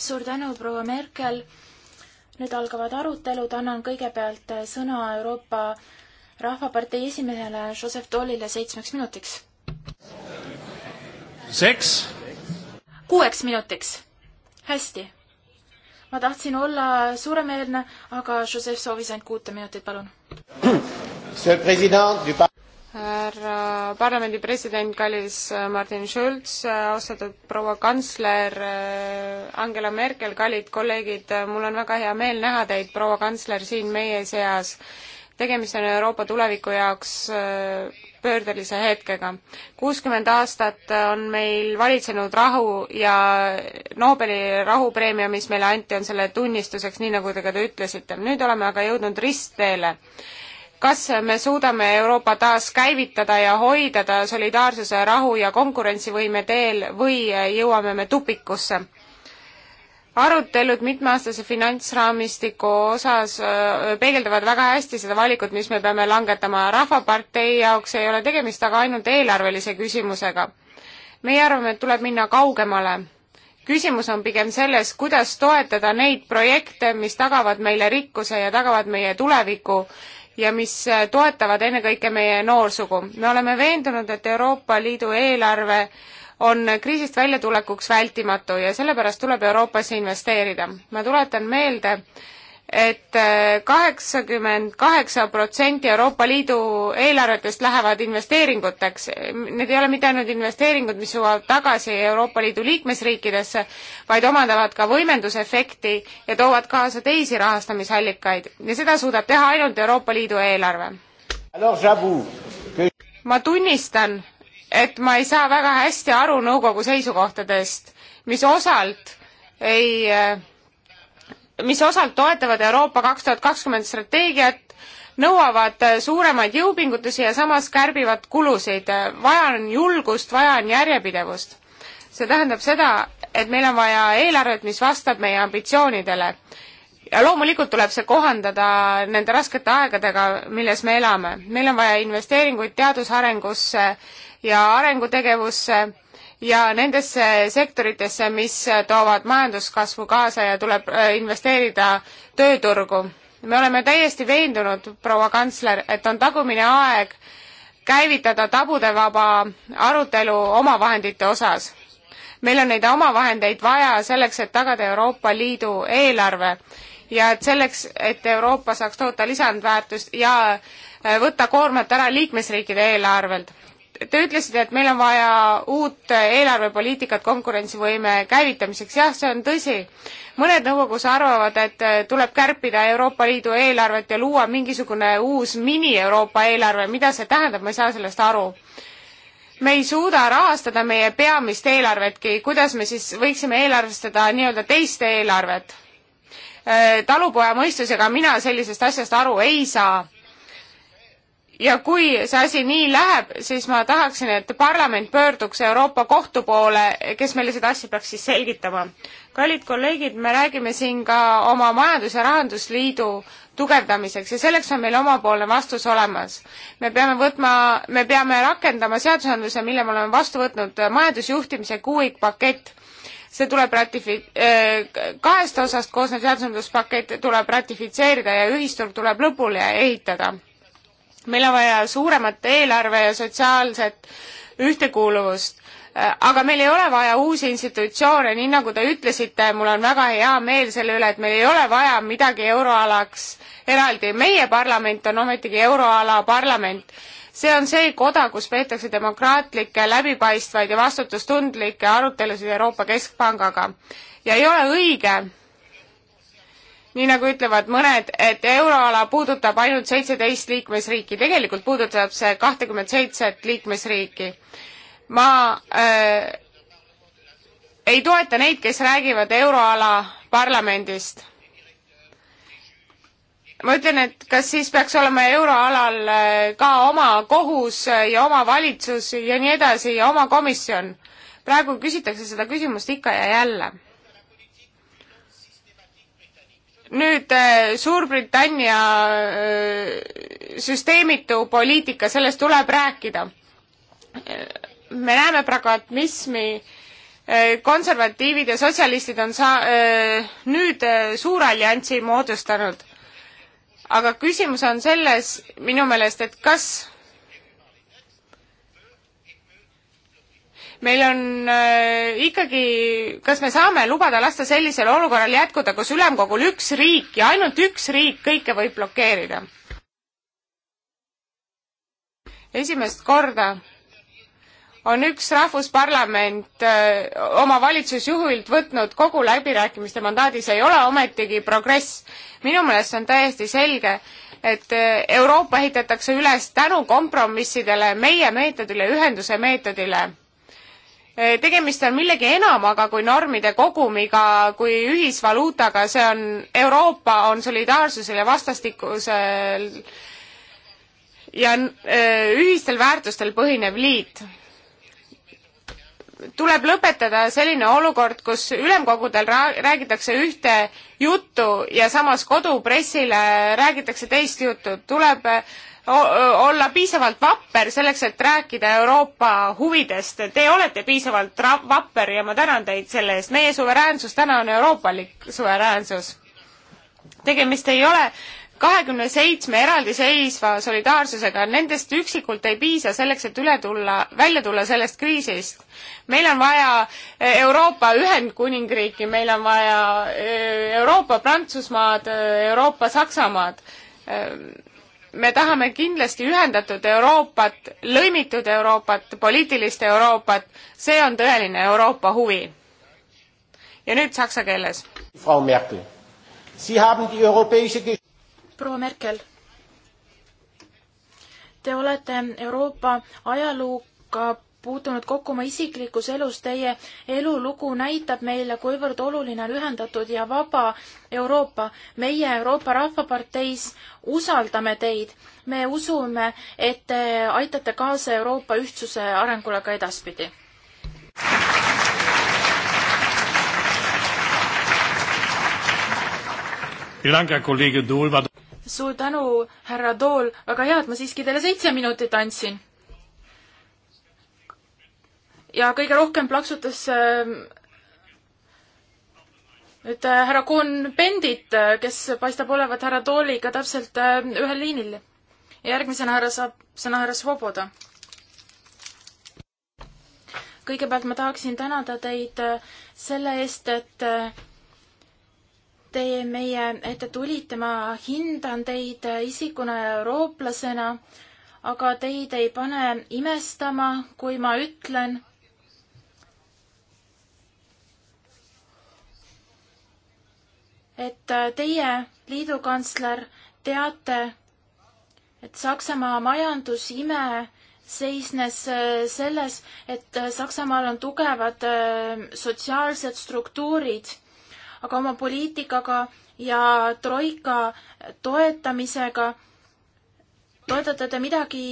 [SPEAKER 2] suur tänu, proua Merkel. nüüd algavad arutelud, annan kõigepealt äh, sõna Euroopa Rahvapartei esimehele Joseph Tollile seitsmeks minutiks. seks? kuueks minutiks. hästi. ma tahtsin olla suuremeelne, aga Joseph soovis ainult kuute minutit, palun
[SPEAKER 3] härra parlamendi president, kallis äh, Martin Schulz, äh, austatud proua kantsler äh, Angela Merkel, kallid kolleegid, mul on väga hea meel näha teid, proua kantsler, siin meie seas. tegemist on Euroopa tuleviku jaoks pöördelise hetkega. kuuskümmend aastat on meil valitsenud rahu ja Nobeli rahupreemia, mis meile anti, on selle tunnistuseks, nii nagu te ka te ütlesite. nüüd oleme aga jõudnud ristteele kas me suudame Euroopa taaskäivitada ja hoida ta solidaarsuse, rahu ja konkurentsivõime teel või jõuame me tupikusse? arutelud mitmeaastase finantsraamistiku osas äh, peegeldavad väga hästi seda valikut, mis me peame langetama. rahvapartei jaoks ei ole tegemist aga ainult eelarvelise küsimusega. meie arvame, et tuleb minna kaugemale küsimus on pigem selles, kuidas toetada neid projekte, mis tagavad meile rikkuse ja tagavad meie tuleviku ja mis äh, toetavad ennekõike meie noorsugu. me oleme veendunud, et Euroopa Liidu eelarve on kriisist väljatulekuks vältimatu ja sellepärast tuleb Euroopasse investeerida. ma tuletan meelde, et äh, kaheksakümmend kaheksa protsenti Euroopa Liidu eelarvetest lähevad investeeringuteks. Need ei ole mitte ainult investeeringud, mis jõuavad tagasi Euroopa Liidu liikmesriikidesse, vaid omandavad ka võimendusefekti ja toovad kaasa teisi rahastamisallikaid ja seda suudab teha ainult Euroopa Liidu eelarve. ma tunnistan, et ma ei saa väga hästi aru nõukogu seisukohtadest, mis osalt ei äh, mis osalt toetavad Euroopa kaks tuhat kakskümmend strateegiat, nõuavad suuremaid jõupingutusi ja samas kärbivad kulusid. vaja on julgust, vaja on järjepidevust. see tähendab seda, et meil on vaja eelarvet, mis vastab meie ambitsioonidele. ja loomulikult tuleb see kohandada nende raskete aegadega, milles me elame. meil on vaja investeeringuid teadusarengusse ja arengutegevusse ja nendesse sektoritesse, mis toovad majanduskasvu kaasa ja tuleb äh, investeerida tööturgu. me oleme täiesti veendunud, proua kantsler, et on tagumine aeg käivitada tabudevaba arutelu omavahendite osas. meil on neid omavahendeid vaja selleks, et tagada Euroopa Liidu eelarve ja et selleks, et Euroopa saaks toota lisandväärtust ja äh, võtta koormat ära liikmesriikide eelarvelt. Te ütlesite, et meil on vaja uut eelarvepoliitikat konkurentsivõime käivitamiseks, jah, see on tõsi. mõned nõukogus arvavad, et tuleb kärpida Euroopa Liidu eelarvet ja luua mingisugune uus mini-Euroopa eelarve, mida see tähendab, ma ei saa sellest aru me ei suuda rahastada meie peamist eelarvetki, kuidas me siis võiksime eelarvestada nii-öelda teist eelarvet? Äh, talupoja mõistusega mina sellisest asjast aru ei saa ja kui see asi nii läheb, siis ma tahaksin, et parlament pöörduks Euroopa Kohtu poole, kes meile seda asja peaks siis selgitama. kallid kolleegid, me räägime siin ka oma Majandus- ja Rahandusliidu tugevdamiseks ja selleks on meil omapoolne vastus olemas. me peame võtma, me peame rakendama seadusandluse, mille me oleme vastu võtnud, majandusjuhtimise kuuikpakett. see tuleb ratifi-, äh, kahest osast koosnev seadusandluspakett tuleb ratifitseerida ja ühisturg tuleb lõpule ehitada meil on vaja suuremat eelarve ja sotsiaalset ühtekuuluvust. Äh, aga meil ei ole vaja uusi institutsioone, nii nagu te ütlesite, mul on väga hea meel selle üle, et meil ei ole vaja midagi euroalaks eraldi. meie parlament on ometigi euroala parlament. see on see koda, kus peetakse demokraatlikke, läbipaistvaid ja vastutustundlikke arutelusid Euroopa Keskpangaga. ja ei ole õige, nii nagu ütlevad mõned, et euroala puudutab ainult seitseteist liikmesriiki, tegelikult puudutab see kahtekümmet seitset liikmesriiki. ma äh, ei toeta neid, kes räägivad euroala parlamendist. ma ütlen, et kas siis peaks olema euroalal äh, ka oma kohus äh, ja oma valitsus ja nii edasi ja oma komisjon. praegu küsitakse seda küsimust ikka ja jälle nüüd äh, Suurbritannia äh, süsteemitu poliitika, sellest tuleb rääkida. me näeme pragmatismi, äh, konservatiivid ja sotsialistid on sa-, nüüd suure alliansi moodustanud. aga küsimus on selles minu meelest, et kas meil on äh, ikkagi, kas me saame lubada lasta sellisel olukorral jätkuda, kus ülemkogul üks riik ja ainult üks riik kõike võib blokeerida? esimest korda on üks rahvusparlament öö, äh, oma valitsusjuhilt võtnud kogu läbirääkimiste mandaadi, see ei ole ometigi progress. minu meelest on täiesti selge, et äh, Euroopa ehitatakse üles tänu kompromissidele, meie meetodile, ühenduse meetodile Eh, tegemist on millegi enamaga kui normide kogumiga, kui ühisvaluutaga, see on, Euroopa on solidaarsusel ja vastastikusel ja eh, ühistel väärtustel põhinev liit. tuleb lõpetada selline olukord, kus ülemkogudel räägitakse ühte juttu ja samas kodupressile räägitakse teist juttu, tuleb eh, olla piisavalt vapper selleks, et rääkida Euroopa huvidest. Te olete piisavalt vapper ja ma tänan teid selle eest. meie suveräänsus täna on euroopalik suveräänsus. tegemist ei ole kahekümne seitsme eraldiseisva solidaarsusega, nendest üksikult ei piisa selleks, et üle tulla, välja tulla sellest kriisist. meil on vaja e, Euroopa Ühendkuningriiki, meil on vaja e, Euroopa Prantsusmaad, e, Euroopa Saksamaad ehm, me tahame kindlasti ühendatud Euroopat, lõimitud Euroopat, poliitilist Euroopat, see on tõeline Euroopa huvi. ja nüüd saksa keeles. proua Merkel,
[SPEAKER 2] te olete Euroopa ajaluuga puutunud kokku oma isiklikus elus, teie elulugu näitab meile, kuivõrd oluline on ühendatud ja vaba Euroopa. meie Euroopa Rahvaparteis usaldame teid. me usume, et te aitate kaasa Euroopa ühtsuse arengule ka edaspidi. suur tänu, härra Tool, väga hea, et ma siiski teile seitse minutit andsin ja kõige rohkem plaksutas ähm, nüüd äh, härra Kuhn Bendit, äh, kes paistab olevat härra Tooliga täpselt ähm, ühel liinil. järgmisena härra saab sõna härra Svoboda. kõigepealt ma tahaksin tänada teid äh, selle eest, et teie meie ette tulite, ma hindan teid isikuna ja eurooplasena, aga teid ei pane imestama, kui ma ütlen, et äh, teie, liidukantsler, teate, et Saksamaa majandusime seisnes äh, selles, et äh, Saksamaal on tugevad sotsiaalsed struktuurid, aga oma poliitikaga ja troika toetamisega toetate te midagi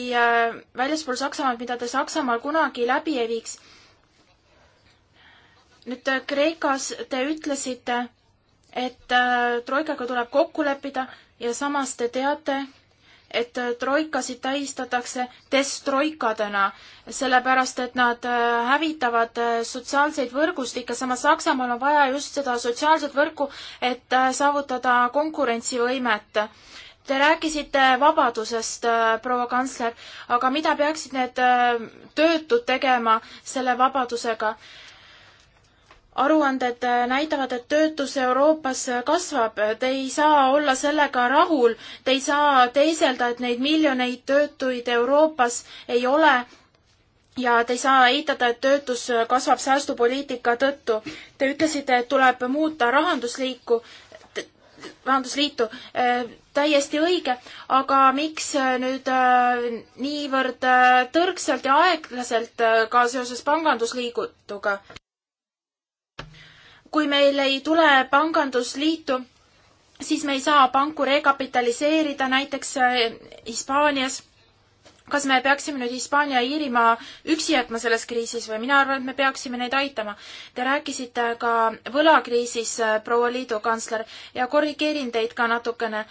[SPEAKER 2] väljaspool Saksamaad, mida te Saksamaal kunagi läbi ei viiks. nüüd Kreekas te ütlesite, et äh, Troikaga tuleb kokku leppida ja samas te teate, et äh, troikasid tähistatakse destroikadena, sellepärast et nad äh, hävitavad sotsiaalseid võrgustikke, samas Saksamaal on vaja just seda sotsiaalset võrku, et saavutada konkurentsivõimet. Te rääkisite vabadusest, proua kantsler, aga mida peaksid need töötud tegema selle vabadusega? aruanded näitavad, et töötus Euroopas kasvab, te ei saa olla sellega rahul, te ei saa teiselda, et neid miljoneid töötuid Euroopas ei ole ja te ei saa eitada, et töötus kasvab säästupoliitika tõttu. Te ütlesite, et tuleb muuta rahandusliiku, rahandusliitu äh,, täiesti õige, aga miks nüüd äh, niivõrd äh, tõrgselt ja aeglaselt äh, ka seoses pangandusliigutuga? kui meil ei tule pangandusliitu, siis me ei saa panku rekapitaliseerida näiteks eh, Hispaanias. kas me peaksime nüüd Hispaania ja Iirimaa üksi jätma selles kriisis või mina arvan, et me peaksime neid aitama. Te rääkisite ka võlakriisis, eh, proua liidukantsler, ja korrigeerin teid ka natukene.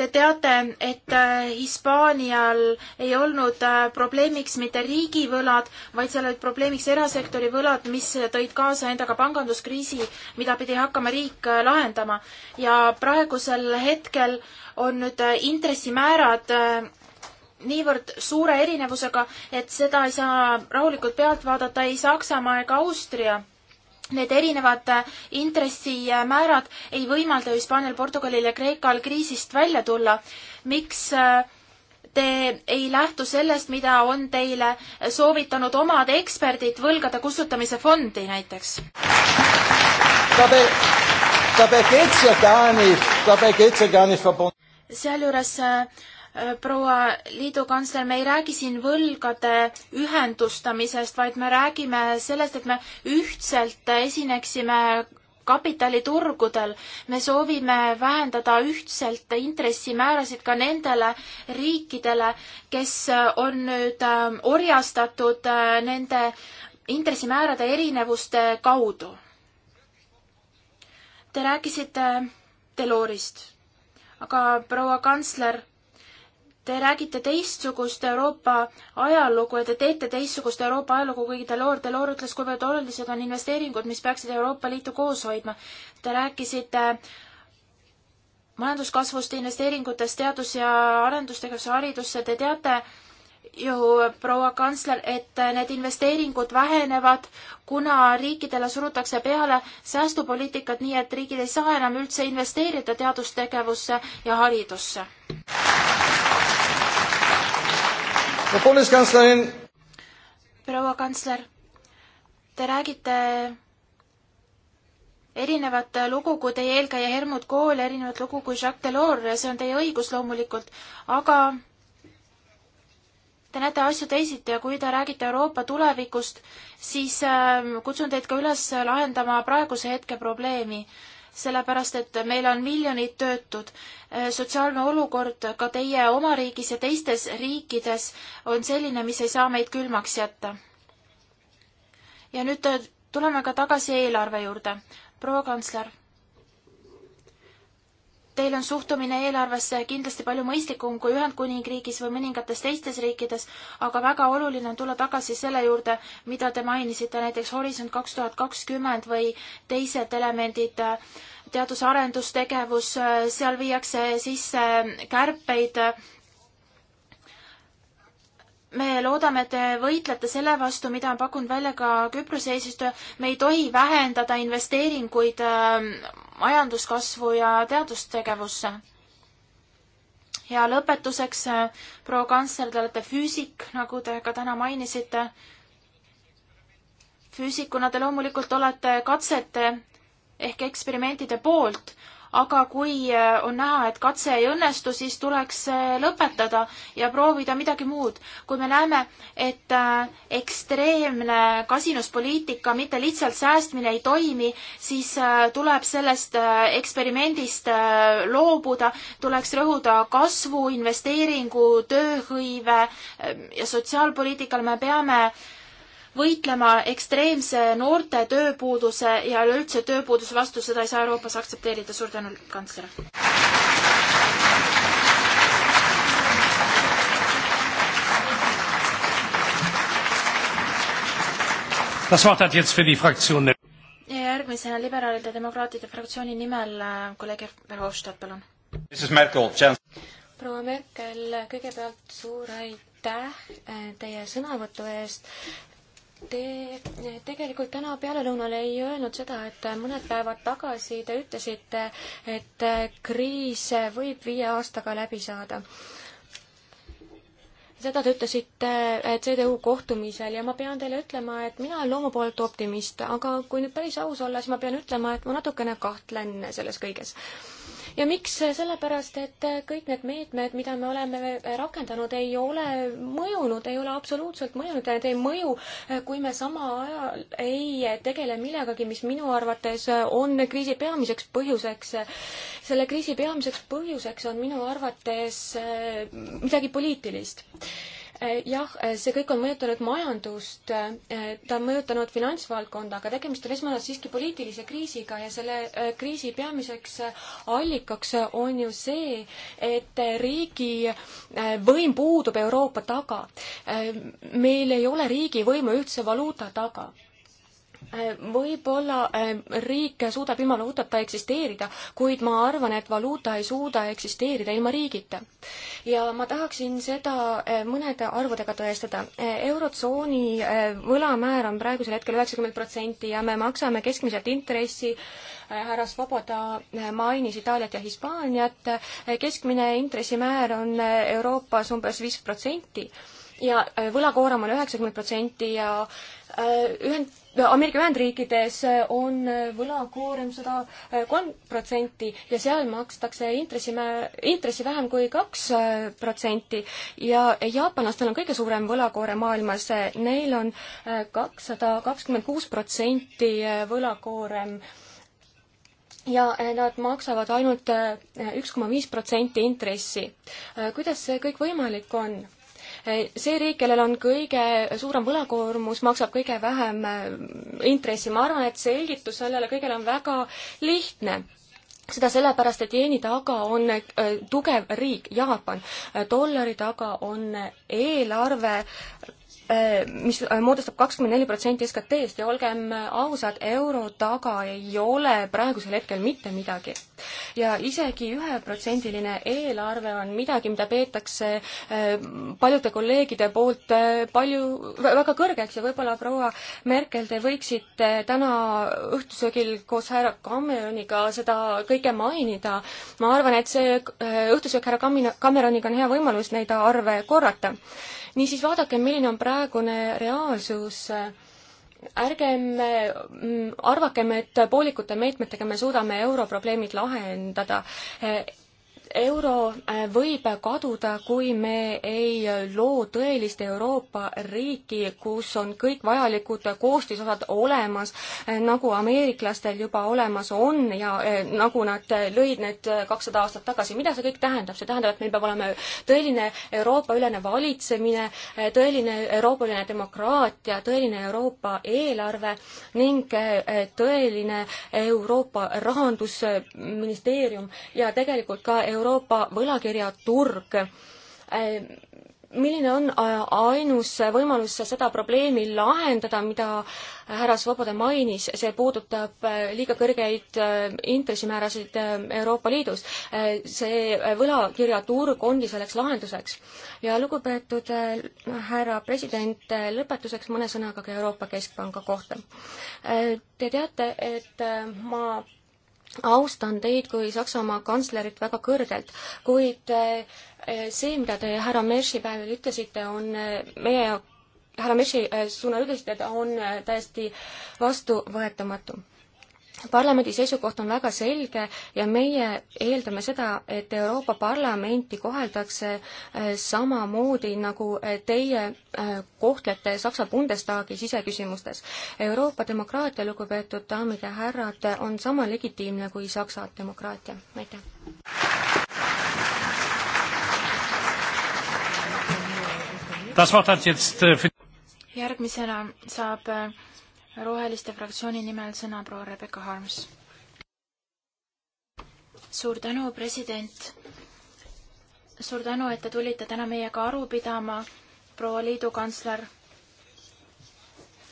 [SPEAKER 2] Te teate, et äh, Hispaanial ei olnud äh, probleemiks mitte riigivõlad, vaid seal olid probleemiks erasektori võlad, mis tõid kaasa endaga panganduskriisi, mida pidi hakkama riik äh, lahendama. ja praegusel hetkel on nüüd intressimäärad niivõrd suure erinevusega, et seda ei saa rahulikult pealt vaadata ei Saksamaa ega Austria Need erinevad äh, intressimäärad ei võimalda Hispaanial, Portugalil ja Kreekal kriisist välja tulla. miks äh, te ei lähtu sellest, mida on teile äh, soovitanud omad eksperdid võlgade kustutamise fondi näiteks? sealjuures Äh, proua liidukantsler, me ei räägi siin võlgade ühendustamisest, vaid me räägime sellest, et me ühtselt esineksime kapitaliturgudel. me soovime vähendada ühtselt intressimäärasid ka nendele riikidele, kes on nüüd ähm, orjastatud äh, nende intressimäärade erinevuste kaudu. Te rääkisite Delorist, aga proua kantsler Te räägite teistsugust Euroopa ajalugu ja te teete teistsugust Euroopa ajalugu, kuigi Delors, Delors ütles, kuivõrd olulised on investeeringud, mis peaksid Euroopa Liitu koos hoidma. Te rääkisite majanduskasvust, investeeringutest teadus- ja arendustegevuse haridusse, te teate ju, proua kantsler, et need investeeringud vähenevad, kuna riikidele surutakse peale säästupoliitikat, nii et riigid ei saa enam üldse investeerida teadustegevusse ja haridusse.
[SPEAKER 4] Bundeskanzlerin.
[SPEAKER 2] proua kantsler, te räägite erinevat lugu kui teie eelkäija Helmut Kohl, erinevat lugu kui Jacques Delors ja see on teie õigus loomulikult, aga te näete asju teisiti ja kui te räägite Euroopa tulevikust, siis ähm, kutsun teid ka üles lahendama praeguse hetke probleemi sellepärast et meil on miljonid töötud. Äh, sotsiaalne olukord ka teie oma riigis ja teistes riikides on selline, mis ei saa meid külmaks jätta. ja nüüd äh, tuleme ka tagasi eelarve juurde. proua kantsler teil on suhtumine eelarvesse kindlasti palju mõistlikum kui Ühendkuningriigis või mõningates teistes riikides, aga väga oluline on tulla tagasi selle juurde, mida te mainisite, näiteks Horisont kaks tuhat kakskümmend või teised elemendid teadus-arendustegevus, seal viiakse sisse kärpeid me loodame, et te võitlete selle vastu, mida on pakkunud välja ka Küprose eesistuja, me ei tohi vähendada investeeringuid ähm, majanduskasvu ja teadustegevusse. ja lõpetuseks, äh, proua kantsler, te olete füüsik, nagu te ka täna mainisite. füüsikuna te loomulikult olete katsete ehk eksperimentide poolt, aga kui äh, on näha, et katse ei õnnestu, siis tuleks äh, lõpetada ja proovida midagi muud. kui me näeme, et äh, ekstreemne kasinuspoliitika, mitte lihtsalt säästmine ei toimi, siis tuleb sellest eksperimendist loobuda, tuleks rõhuda kasvu, investeeringu, tööhõive ja sotsiaalpoliitikale, me peame võitlema ekstreemse noorte tööpuuduse ja üleüldse tööpuuduse vastu, seda ei saa Euroopas aktsepteerida. suur tänu, kantsler!
[SPEAKER 1] Das Wort hat jetzt für die Fraktion der
[SPEAKER 2] ja järgmisena liberaalide demokraatide fraktsiooni nimel äh, kolleeg Verhofstadt, palun. proua Merkel, kõigepealt
[SPEAKER 4] suur aitäh äh, teie sõnavõtu eest. Te tegelikult täna pealelõunal ei öelnud seda, et mõned päevad tagasi te ütlesite, et kriis võib viie aastaga läbi saada. seda te ütlesite eh, CDU kohtumisel ja ma pean teile ütlema, et mina olen loomu poolt optimist, aga kui nüüd päris aus olla, siis ma pean ütlema, et ma natukene kahtlen selles kõiges ja miks? sellepärast, et kõik need meetmed, mida me oleme rakendanud, ei ole mõjunud, ei ole absoluutselt mõjunud ja need ei mõju, kui me samal ajal ei tegele millegagi, mis minu arvates on kriisi peamiseks põhjuseks. selle kriisi peamiseks põhjuseks on minu arvates midagi poliitilist Eh, jah, eh, see kõik on mõjutanud majandust, eh, ta on mõjutanud finantsvaldkonda, aga tegemist on esmalt siiski poliitilise kriisiga ja selle kriisi peamiseks allikaks on ju see, et riigi võim puudub Euroopa taga. meil ei ole riigivõimu ühtse valuuta taga Äh, võib-olla äh, riik suudab ilma valuutata eksisteerida, kuid ma arvan, et valuuta ei suuda eksisteerida ilma riigita. ja ma tahaksin seda äh, mõnede arvudega tõestada. Eurotsooni võlamäär on praegusel hetkel üheksakümmend protsenti ja me maksame keskmiselt intressi härra Svoboda mainis Itaaliat ja Hispaaniat. keskmine intressimäär on Euroopas umbes viis protsenti ja äh, võlakoorem on üheksakümmend protsenti ja äh, ühend-, Ameerika Ühendriikides on võlakoorem sada äh, kolm protsenti ja seal makstakse intressimäär, intressi vähem kui kaks protsenti. ja jaapanlastel on kõige suurem võlakoore maailmas, neil on kakssada kakskümmend kuus protsenti võlakoorem ja äh, nad maksavad ainult äh, üks koma viis protsenti intressi. Äh, kuidas see kõik võimalik on? see riik, kellel on kõige suurem võlakoormus, maksab kõige vähem intressi. ma arvan, et selgitus sellele kõigele on väga lihtne seda sellepärast, et jeeni taga on tugev riik, Jaapan. dollari taga on eelarve Äh, mis äh, moodustab kakskümmend neli protsenti SKT-st ja olgem äh, ausad, euro taga ei ole praegusel hetkel mitte midagi. ja isegi üheprotsendiline eelarve on midagi, mida peetakse paljude kolleegide poolt palju, väga kõrgeks ja võib-olla proua Merkel, te võiksite täna õhtusöögil koos härra Cameroniga seda kõike mainida. ma arvan, et see õhtusöök härra Cameroniga on hea võimalus neid arve korrata niisiis vaadakem, milline on praegune reaalsus ärgem mm, arvakem, et poolikute meetmetega me suudame europrobleemid lahendada euro äh, võib kaduda, kui me ei loo tõelist Euroopa riiki, kus on kõik vajalikud koostisosad olemas, äh, nagu ameeriklastel juba olemas on ja äh, nagu nad lõid need kakssada aastat tagasi. mida see kõik tähendab? see tähendab, et meil peab olema tõeline Euroopa-ülene valitsemine, tõeline Euroopa-ülene demokraatia, tõeline Euroopa eelarve ning tõeline Euroopa rahandusministeerium ja tegelikult ka Euroopa Euroopa võlakirjaturg. milline on ainus võimalus seda probleemi lahendada, mida härra Svoboda mainis, see puudutab äh, liiga kõrgeid äh, intressimäärasid äh, Euroopa Liidus. see võlakirjaturg ongi selleks lahenduseks. ja lugupeetud härra president, lõpetuseks mõne sõnaga ka Euroopa Keskpanga kohta. Te teate, et ma austan teid kui Saksamaa kantslerit väga kõrgelt, kuid eh, see, mida te härra Mersi päevil ütlesite, on eh, meie, härra Mersi eh, suunal ütlesite, on täiesti vastuvõetamatu parlamendi seisukoht on väga selge ja meie eeldame seda, et Euroopa Parlamenti koheldakse äh, samamoodi, nagu äh, teie äh, kohtlete Saksa Bundestagi siseküsimustes. Euroopa demokraatia, lugupeetud daamid ja härrad, on sama legitiimne kui Saksa demokraatia.
[SPEAKER 2] aitäh! järgmisena saab roheliste fraktsiooni nimel sõna proua Rebecca Harms. suur tänu, president. suur tänu, et te tulite täna meiega aru pidama, proua liidukantsler.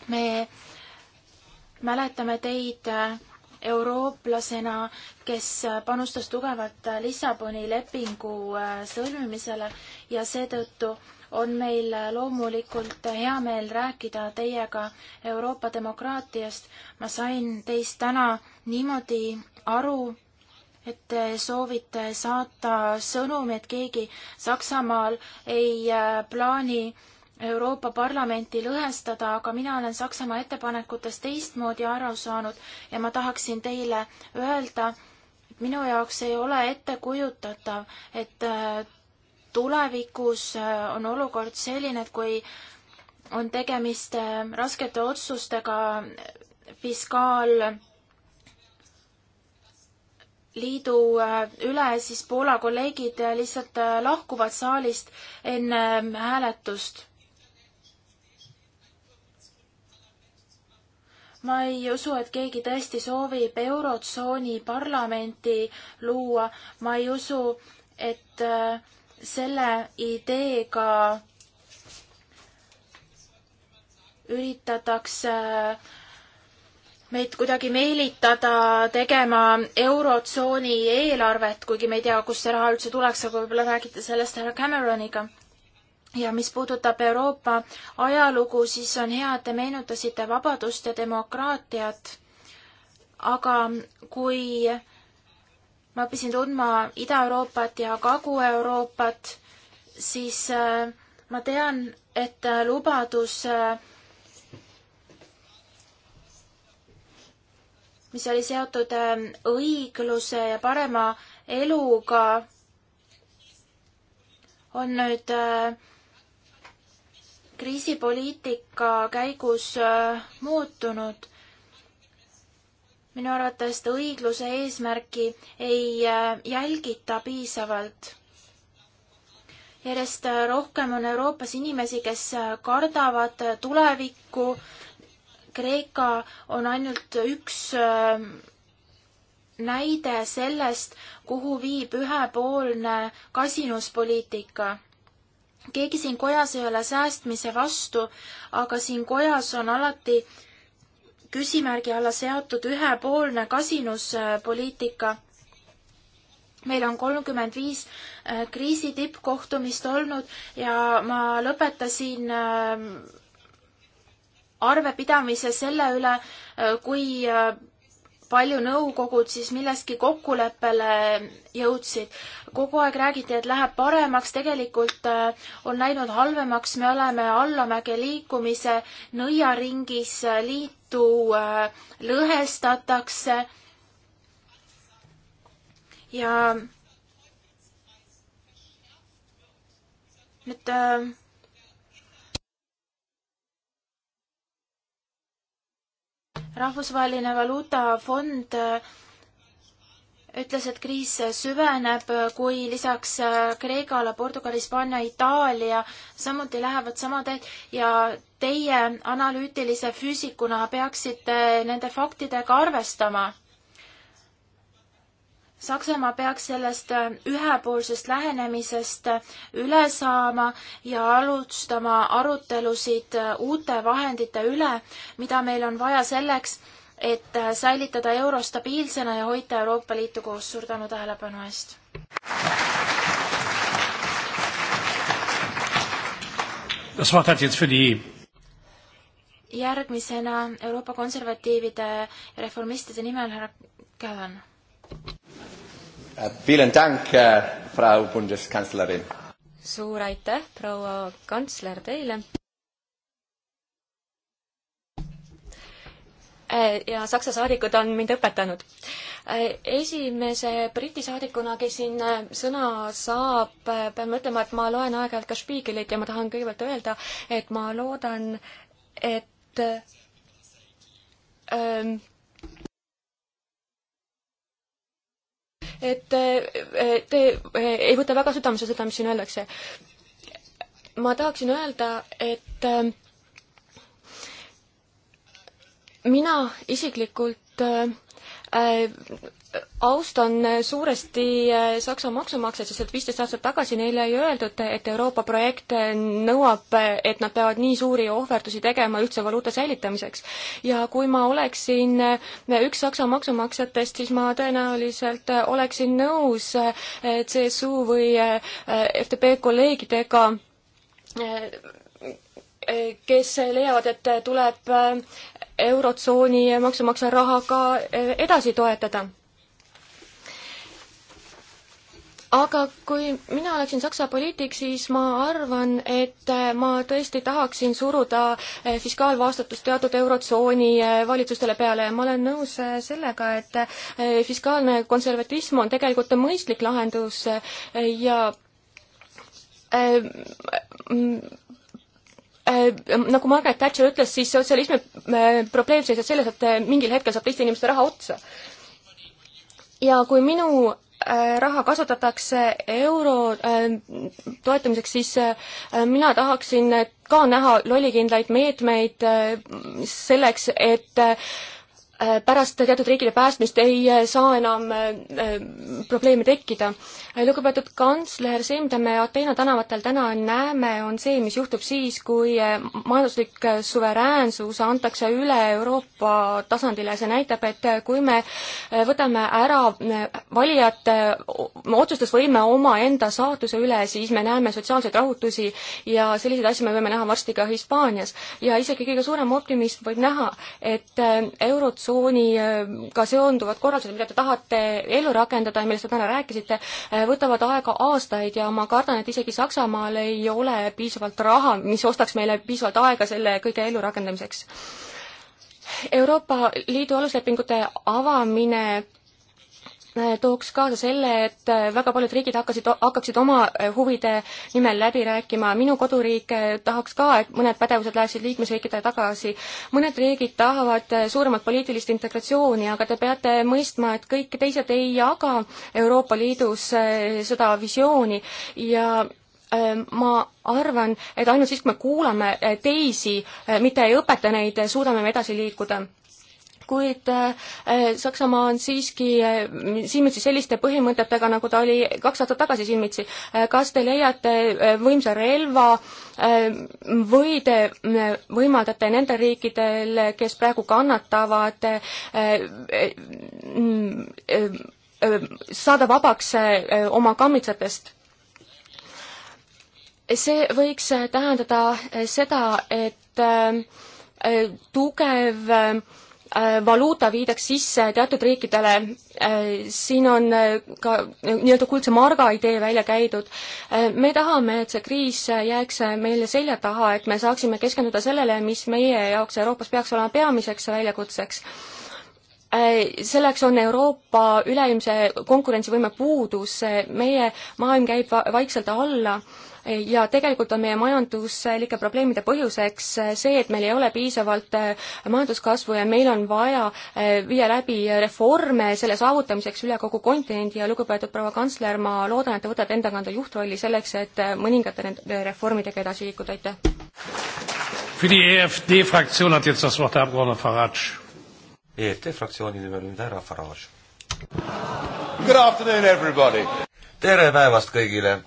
[SPEAKER 2] me mäletame teid äh, eurooplasena, kes panustas tugevalt Lissaboni lepingu äh, sõlmimisele ja seetõttu on meil loomulikult hea meel rääkida teiega Euroopa demokraatiast. ma sain teist täna niimoodi aru, et te soovite saata sõnumi, et keegi Saksamaal ei äh, plaani äh, Euroopa Parlamenti lõhestada, aga mina olen Saksamaa ettepanekutest teistmoodi aru saanud ja ma tahaksin teile öelda, et minu jaoks ei ole ettekujutatav, et äh, tulevikus äh, on olukord selline, et kui on tegemist äh, raskete otsustega fiskaal liidu üle, siis Poola kolleegid lihtsalt lahkuvad saalist enne hääletust. ma ei usu, et keegi tõesti soovib Eurotsooni parlamenti luua, ma ei usu, et äh, selle ideega üritatakse äh, meid kuidagi meelitada tegema Eurotsooni eelarvet, kuigi me ei tea, kust see raha üldse tuleks, aga võib-olla räägite sellest härra Cameroniga ja mis puudutab Euroopa ajalugu, siis on hea, et te meenutasite vabadust ja demokraatiat. aga kui ma õppisin tundma Ida-Euroopat ja Kagu-Euroopat, siis äh, ma tean, et äh, lubadus, äh, mis oli seotud õigluse ja parema eluga, on nüüd äh, kriisipoliitika käigus äh, muutunud. minu arvates seda õigluse eesmärki ei äh, jälgita piisavalt. järjest äh, rohkem on Euroopas inimesi, kes kardavad tulevikku. Kreeka on ainult üks näide sellest, kuhu viib ühepoolne kasinuspoliitika keegi siin kojas ei ole säästmise vastu, aga siin kojas on alati küsimärgi alla seatud ühepoolne kasinuspoliitika. meil on kolmkümmend viis äh, kriisi tippkohtumist olnud ja ma lõpetasin äh, arvepidamise selle üle, äh, kui palju nõukogud siis milleski kokkuleppele jõudsid. kogu aeg räägiti, et läheb paremaks, tegelikult äh, on läinud halvemaks, me oleme allamäge liikumise nõiaringis, liitu äh, lõhestatakse. ja nüüd äh, rahvusvaheline valuutafond äh, ütles, et kriis süveneb, äh, kui lisaks äh, Kreekale, Portugal, Hispaania, Itaalia samuti lähevad sama teed ja teie analüütilise füüsikuna peaksite nende faktidega arvestama Saksamaa peaks sellest äh, ühepoolsest lähenemisest äh, üle saama ja alustama arutelusid äh, uute vahendite üle, mida meil on vaja selleks, et säilitada euro stabiilsena ja hoida Euroopa Liitu koos. suur tänu tähelepanu eest! järgmisena Euroopa konservatiivide ja reformistide nimel härra Kävan.
[SPEAKER 5] Eh, vielen Dank, eh, Frau Bundeskanzlerin.
[SPEAKER 2] suur aitäh, proua
[SPEAKER 4] kantsler, teile. Eh, ja Saksa saadikud on mind õpetanud. esimese Briti saadikuna, kes siin sõna saab, pean ütlema, et ma loen aeg-ajalt ka Spiegelit ja ma tahan kõigepealt öelda, et ma loodan, et ähm, et eh, te eh, ei võta väga südamesse seda, mis siin öeldakse. ma tahaksin öelda, et eh, mina isiklikult austan suuresti äh, Saksa maksumaksjaid, sest et viisteist aastat tagasi neile ei öeldud, et Euroopa projekt äh, nõuab, äh, et nad peavad nii suuri ohverdusi tegema ühtse valuuta säilitamiseks. ja kui ma oleksin üks Saksa maksumaksjatest, siis ma tõenäoliselt oleksin nõus CSU või FDP kolleegidega kes leiavad, et tuleb Eurotsooni maksumaksja rahaga edasi toetada aga kui mina oleksin Saksa poliitik, siis ma arvan, et äh, ma tõesti tahaksin suruda äh, fiskaalvastutust teatud Eurotsooni äh, valitsustele peale ja ma olen nõus sellega, et fiskaalne konservatism on tegelikult mõistlik lahendus ja nagu Margaret Thatcher ütles, siis sotsialismi probleem seisneb selles, et mingil hetkel saab teiste inimeste raha otsa ja kui minu Äh, raha kasutatakse euro äh, toetamiseks, siis äh, mina tahaksin ka näha lollikindlaid meetmeid selleks, et Äh, pärast teatud riikide päästmist ei äh, saa enam äh, probleeme tekkida. lugupeetud kantsler, see, mida me Ateena tänavatel täna näeme, on see, mis juhtub siis, kui majanduslik suveräänsus antakse üle Euroopa tasandile. see näitab, et kui me võtame ära valijate otsustusvõime omaenda saatuse üle, siis me näeme sotsiaalseid rahutusi ja selliseid asju me võime näha varsti ka Hispaanias. ja isegi kõige suurem optimist võib näha, et eurotsoon tsooniga seonduvad korraldused, mida te tahate ellu rakendada ja millest te täna rääkisite, eh, võtavad aega aastaid ja ma kardan, et isegi Saksamaal ei ole piisavalt raha, mis ostaks meile piisavalt aega selle kõige ellurakendamiseks Euroopa Liidu aluslepingute avamine tooks kaasa selle, et äh, väga paljud riigid hakkasid, hakkaksid oma äh, huvide nimel läbi rääkima, minu koduriik äh, tahaks ka, et mõned pädevused läheksid liikmesriikide tagasi. mõned riigid tahavad suuremat poliitilist integratsiooni, aga te peate mõistma, et kõik teised ei jaga Euroopa Liidus seda visiooni ja ma arvan, et ainult siis, kui me kuulame teisi, mitte ei õpeta neid, suudame me edasi liikuda kuid äh, Saksamaa on siiski äh, silmitsi selliste põhimõtetega, nagu ta oli kaks aastat tagasi silmitsi. Äh, kas te leiate võimsa relva või te võimaldate nendel riikidel, kes praegu kannatavad, mm, saada vabaks oma kammitsatest? see võiks tähendada seda, et tugev äh, Äh, valuuta viidaks sisse teatud riikidele, äh, siin on äh, ka nii-öelda kuldse marga idee välja käidud. me tahame, et see kriis jääks meile selja taha, et me saaksime keskenduda sellele, mis meie jaoks Euroopas peaks olema peamiseks väljakutseks selleks on Euroopa üleilmse konkurentsivõime puudus, meie maailm käib vaikselt alla ja tegelikult on meie majanduslike probleemide põhjuseks see, et meil ei ole piisavalt äh, majanduskasvu ja meil on vaja äh, viia läbi reforme selle saavutamiseks üle kogu kontinendi ja lugupeetud proua kantsler, ma loodan, et te võtate enda kanda juhtrolli selleks, et äh, mõningate nende reformidega edasi
[SPEAKER 3] liikuda, aitäh!
[SPEAKER 1] EFT e
[SPEAKER 5] e fraktsiooni nimel nüüd härra Farage. tere päevast kõigile!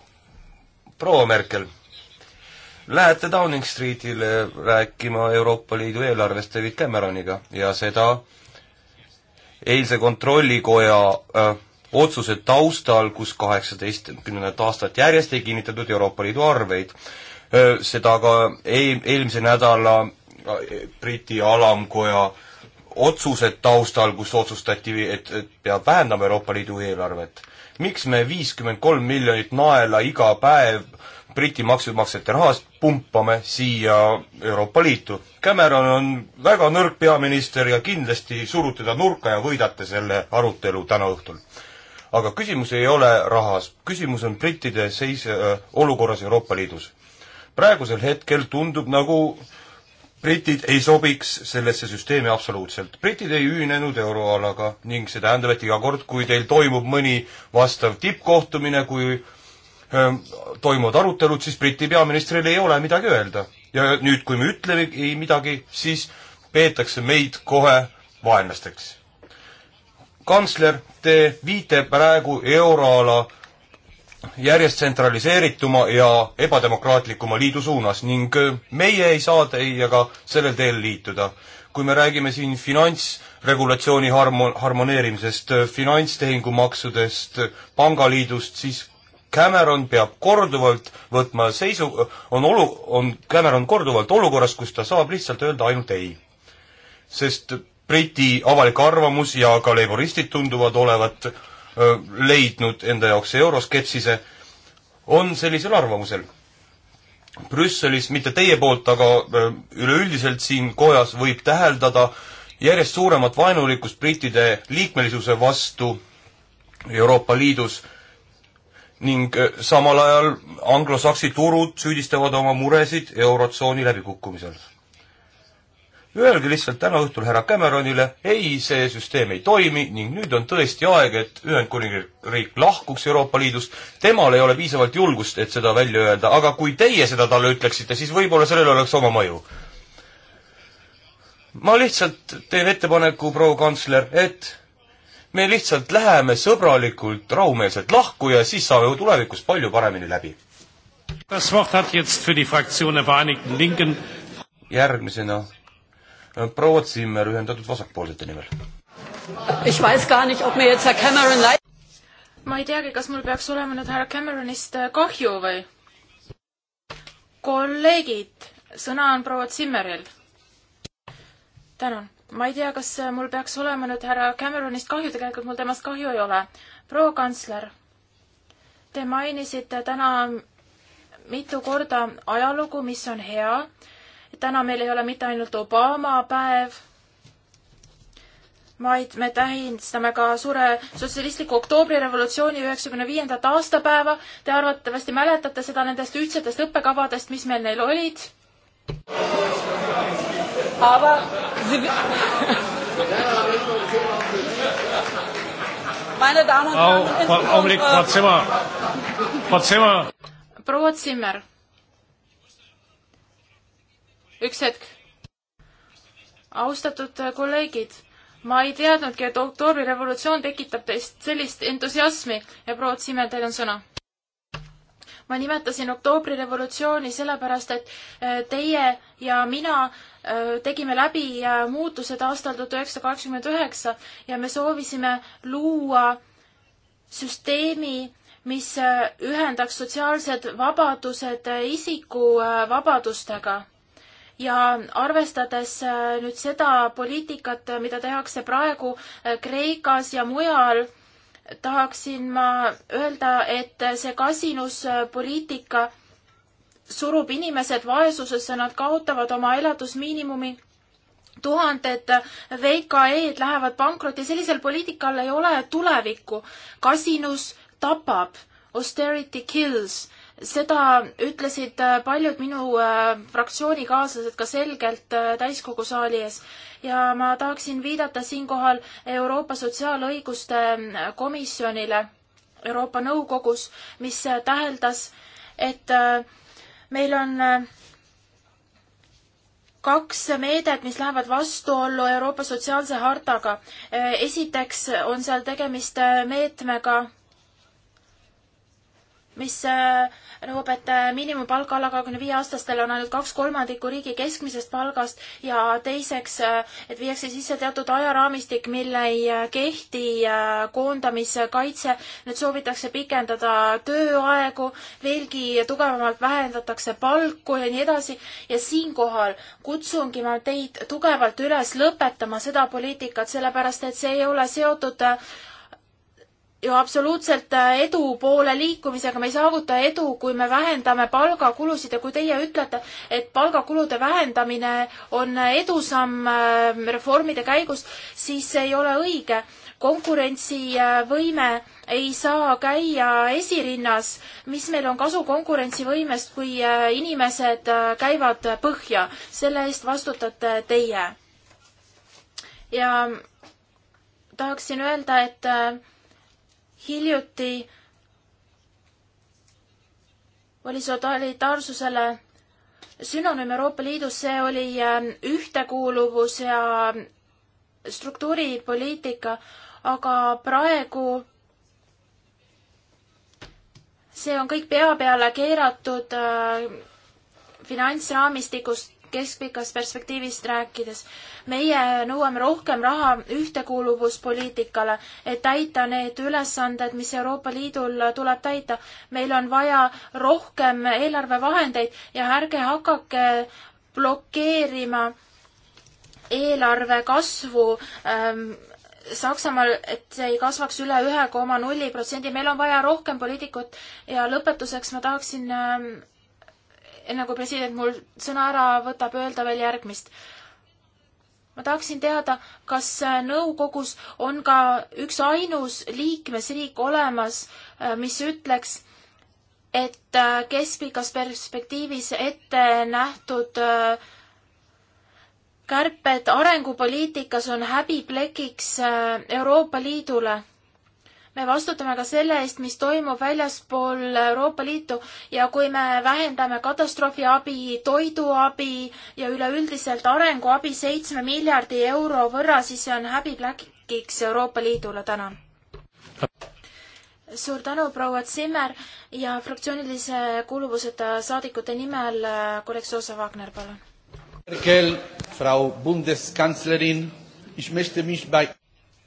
[SPEAKER 5] proua Merkel, lähete Downing Streetile rääkima Euroopa Liidu eelarvest David Cameroniga ja seda eilse kontrollikoja äh, otsuse taustal, kus kaheksateistkümnendat aastat järjest ei kinnitatud Euroopa Liidu arveid. Äh, seda ka eel, eelmise nädala äh, Briti alamkoja otsused taustal, kus otsustati, et, et peab vähendama Euroopa Liidu eelarvet miks me viiskümmend kolm miljonit naela iga päev Briti maksumaksjate rahast pumpame siia Euroopa Liitu. Cameron on väga nõrk peaminister ja kindlasti surute ta nurka ja võidate selle arutelu täna õhtul. aga küsimus ei ole rahas, küsimus on brittide seis äh,, olukorras Euroopa Liidus. praegusel hetkel tundub, nagu britid ei sobiks sellesse süsteemi absoluutselt. britid ei ühinenud euroalaga ning see tähendab, et iga kord, kui teil toimub mõni vastav tippkohtumine, kui öö, ähm, toimuvad arutelud, siis Briti peaministril ei ole midagi öelda. ja nüüd, kui me ütleme ei midagi, siis peetakse meid kohe vaenlasteks. kantsler, te viite praegu euroala järjest tsentraliseerituma ja ebademokraatlikuma liidu suunas ning äh, meie ei saa teiega sellel teel liituda. kui me räägime siin finantsregulatsiooni harmo-, harmoneerimisest, äh, finantstehingumaksudest, äh, pangaliidust, siis Cameron peab korduvalt võtma seisu, on olu-, on Cameron korduvalt olukorras, kus ta saab lihtsalt öelda ainult ei. sest Briti avalik arvamus ja ka leiboristid tunduvad olevat leidnud enda jaoks euroskepsise, on sellisel arvamusel. Brüsselis, mitte teie poolt, aga üleüldiselt siin kojas võib täheldada järjest suuremat vaenulikkust brittide liikmelisuse vastu Euroopa Liidus ning samal ajal anglosaksi turud süüdistavad oma muresid eurotsooni läbikukkumisel Öelge lihtsalt täna õhtul härra Cameronile, ei, see süsteem ei toimi ning nüüd on tõesti aeg, et Ühendkuningriik lahkuks Euroopa Liidust. temal ei ole piisavalt julgust, et seda välja öelda, aga kui teie seda talle ütleksite, siis võib-olla sellel oleks oma mõju. ma lihtsalt teen ettepaneku, proua kantsler, et me lihtsalt läheme sõbralikult, rahumeelselt lahku ja siis saame ju tulevikus palju paremini läbi. Das Wort hat jetzt für die Fraktion der Vereinigten Linken järgmisena Äh, proua Zimmer Ühendatud Vasakpoolsete nimel.
[SPEAKER 2] ma ei teagi, kas mul peaks olema nüüd härra Cameronist äh, kahju või? kolleegid, sõna on proua Zimmeril. tänan. ma ei tea, kas äh, mul peaks olema nüüd härra Cameronist kahju, tegelikult mul temast kahju ei ole. proua kantsler, te mainisite täna mitu korda ajalugu, mis on hea täna meil ei ole mitte ainult Obama päev, vaid me tähistame ka suure sotsialistliku oktoobrirevolutsiooni üheksakümne viiendat aastapäeva. Te arvatavasti mäletate seda nendest ühtsetest õppekavadest, mis meil neil olid. aga meine Damen und Herren, Frau
[SPEAKER 1] Zimmer, Frau Zimmer.
[SPEAKER 2] proua Zimmer üks hetk. austatud äh, kolleegid, ma ei teadnudki, et oktoobrirevolutsioon tekitab teist sellist entusiasmi ja proua Simmel, teil on sõna. ma nimetasin oktoobrirevolutsiooni sellepärast, et äh, teie ja mina äh, tegime läbi muutused aastal tuhat üheksasada kaheksakümmend üheksa ja me soovisime luua süsteemi, mis ühendaks sotsiaalsed vabadused isikuvabadustega ja arvestades äh, nüüd seda poliitikat, äh, mida tehakse praegu äh, Kreekas ja mujal, tahaksin ma öelda, et see kasinuspoliitika surub inimesed vaesusesse, nad kaotavad oma elatusmiinimumi tuhanded VKE-d lähevad pankrotti, sellisel poliitikal ei ole tulevikku. kasinus tapab, austerity kills seda ütlesid äh, paljud minu äh, fraktsioonikaaslased ka selgelt äh, täiskogu saali ees ja ma tahaksin viidata siinkohal Euroopa Sotsiaalõiguste Komisjonile Euroopa Nõukogus, mis täheldas, et meil on kaks meedet, mis lähevad vastuollu Euroopa sotsiaalse hartaga. esiteks on seal tegemist meetmega, mis äh, nõuab, et äh, miinimumpalk alla kahekümne viie aastastel on ainult kaks kolmandikku riigi keskmisest palgast ja teiseks, äh, et viiakse sisse teatud ajaraamistik, mil ei kehti koondamiskaitse. nüüd soovitakse pikendada tööaegu, veelgi tugevamalt vähendatakse palku ja nii edasi. ja siinkohal kutsungi ma teid tugevalt üles lõpetama seda poliitikat, sellepärast et see ei ole seotud ju absoluutselt äh, edu poole liikumisega, me ei saavuta edu, kui me vähendame palgakulusid ja kui teie ütlete, et palgakulude vähendamine on äh, edusamm äh, reformide käigus, siis see ei ole õige. konkurentsivõime ei saa käia esirinnas, mis meil on kasu konkurentsivõimest, kui inimesed käivad põhja, selle eest vastutate teie. ja tahaksin öelda, et hiljuti oli solidaarsusele sünonüüm Euroopa Liidus, see oli ähm, ühtekuuluvus ja struktuuripoliitika, aga praegu see on kõik pea peale keeratud äh, finantsraamistikust keskpikas perspektiivist rääkides. meie nõuame rohkem raha ühtekuuluvuspoliitikale, et täita need ülesanded, mis Euroopa Liidul tuleb täita. meil on vaja rohkem eelarvevahendeid ja ärge hakake blokeerima eelarve kasvu ähm, Saksamaal, et see ei kasvaks üle ühe koma nulli protsendi, meil on vaja rohkem poliitikut ja lõpetuseks ma tahaksin ähm, enne kui president mul sõna ära võtab, öelda veel järgmist. ma tahaksin teada, kas äh, nõukogus on ka üksainus liikmesriik olemas, äh, mis ütleks, et äh, keskpikas perspektiivis ette nähtud kärped arengupoliitikas on häbiplekiks Euroopa Liidule me vastutame ka selle eest, mis toimub väljaspool Euroopa Liitu ja kui me vähendame katastroofiabi, toiduabi ja üleüldiselt arenguabi seitsme miljardi euro võrra, siis see on häbipläkiks Euroopa Liidule täna. suur tänu, proua Zimmer ja fraktsioonilise kuuluvuseta saadikute nimel äh, kolleeg Soosa Wagner, palun.
[SPEAKER 1] Merkel, Frau Bundeskanzlerin, ich
[SPEAKER 5] möchte mich bei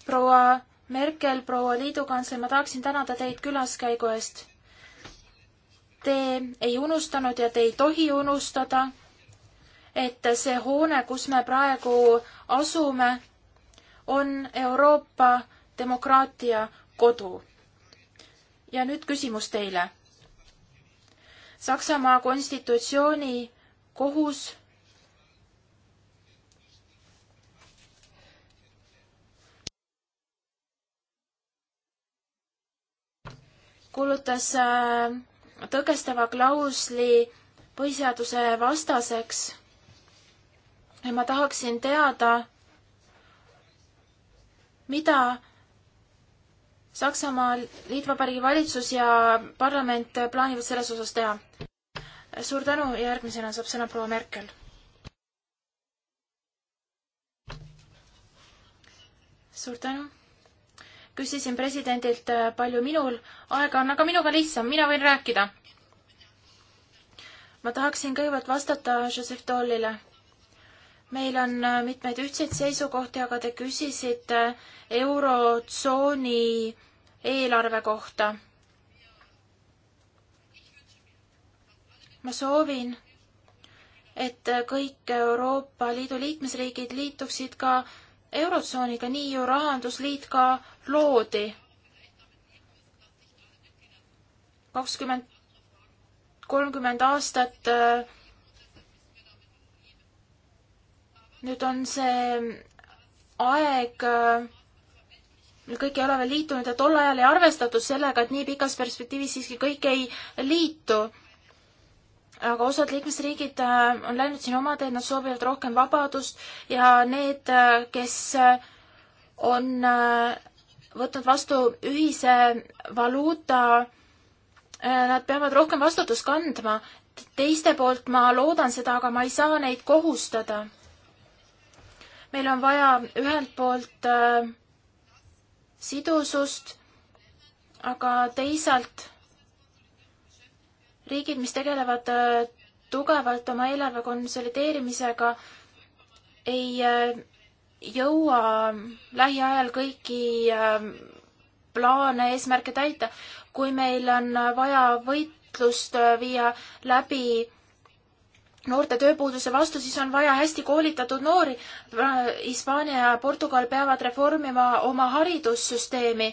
[SPEAKER 2] proua Merkel, proua liidukantsler, ma tahaksin tänada teid külaskäigu eest. Te ei unustanud ja te ei tohi unustada, et see hoone, kus me praegu asume, on Euroopa demokraatia kodu. ja nüüd küsimus teile. Saksamaa konstitutsiooni kohus kuulutas äh, tõkestava klausli põhiseaduse vastaseks. ja ma tahaksin teada, mida Saksamaa Liitvabariigi valitsus ja parlament plaanivad selles osas teha? suur tänu ja järgmisena saab sõna proua Merkel. suur tänu küsisin presidendilt, äh, palju minul aega on, aga minuga lihtsam, mina võin rääkida. ma tahaksin kõigepealt vastata Joseph Tollile. meil on äh, mitmeid ühtseid seisukohti, aga te küsisite eurotsooni eelarve kohta. ma soovin, et kõik Euroopa Liidu liikmesriigid liituksid ka Eurotsooniga nii ju Rahandusliit ka loodi. kakskümmend, kolmkümmend aastat äh, nüüd on see aeg meil äh, kõik ei ole veel liitunud ja tol ajal ei arvestatud sellega, et nii pikas perspektiivis siiski kõik ei liitu aga osad liikmesriigid äh, on läinud siin oma teed, nad soovivad rohkem vabadust ja need, äh, kes äh, on võtnud vastu ühise valuuta, nad peavad rohkem vastutust kandma. teiste poolt ma loodan seda, aga ma ei saa neid kohustada. meil on vaja ühelt poolt sidusust, aga teisalt riigid, mis tegelevad äh, tugevalt oma eelarve konsolideerimisega, ei äh, jõua lähiajal kõiki äh, plaane, eesmärke täita. kui meil on vaja võitlust viia läbi noorte tööpuuduse vastu, siis on vaja hästi koolitatud noori. Hispaania ja Portugal peavad reformima oma haridussüsteemi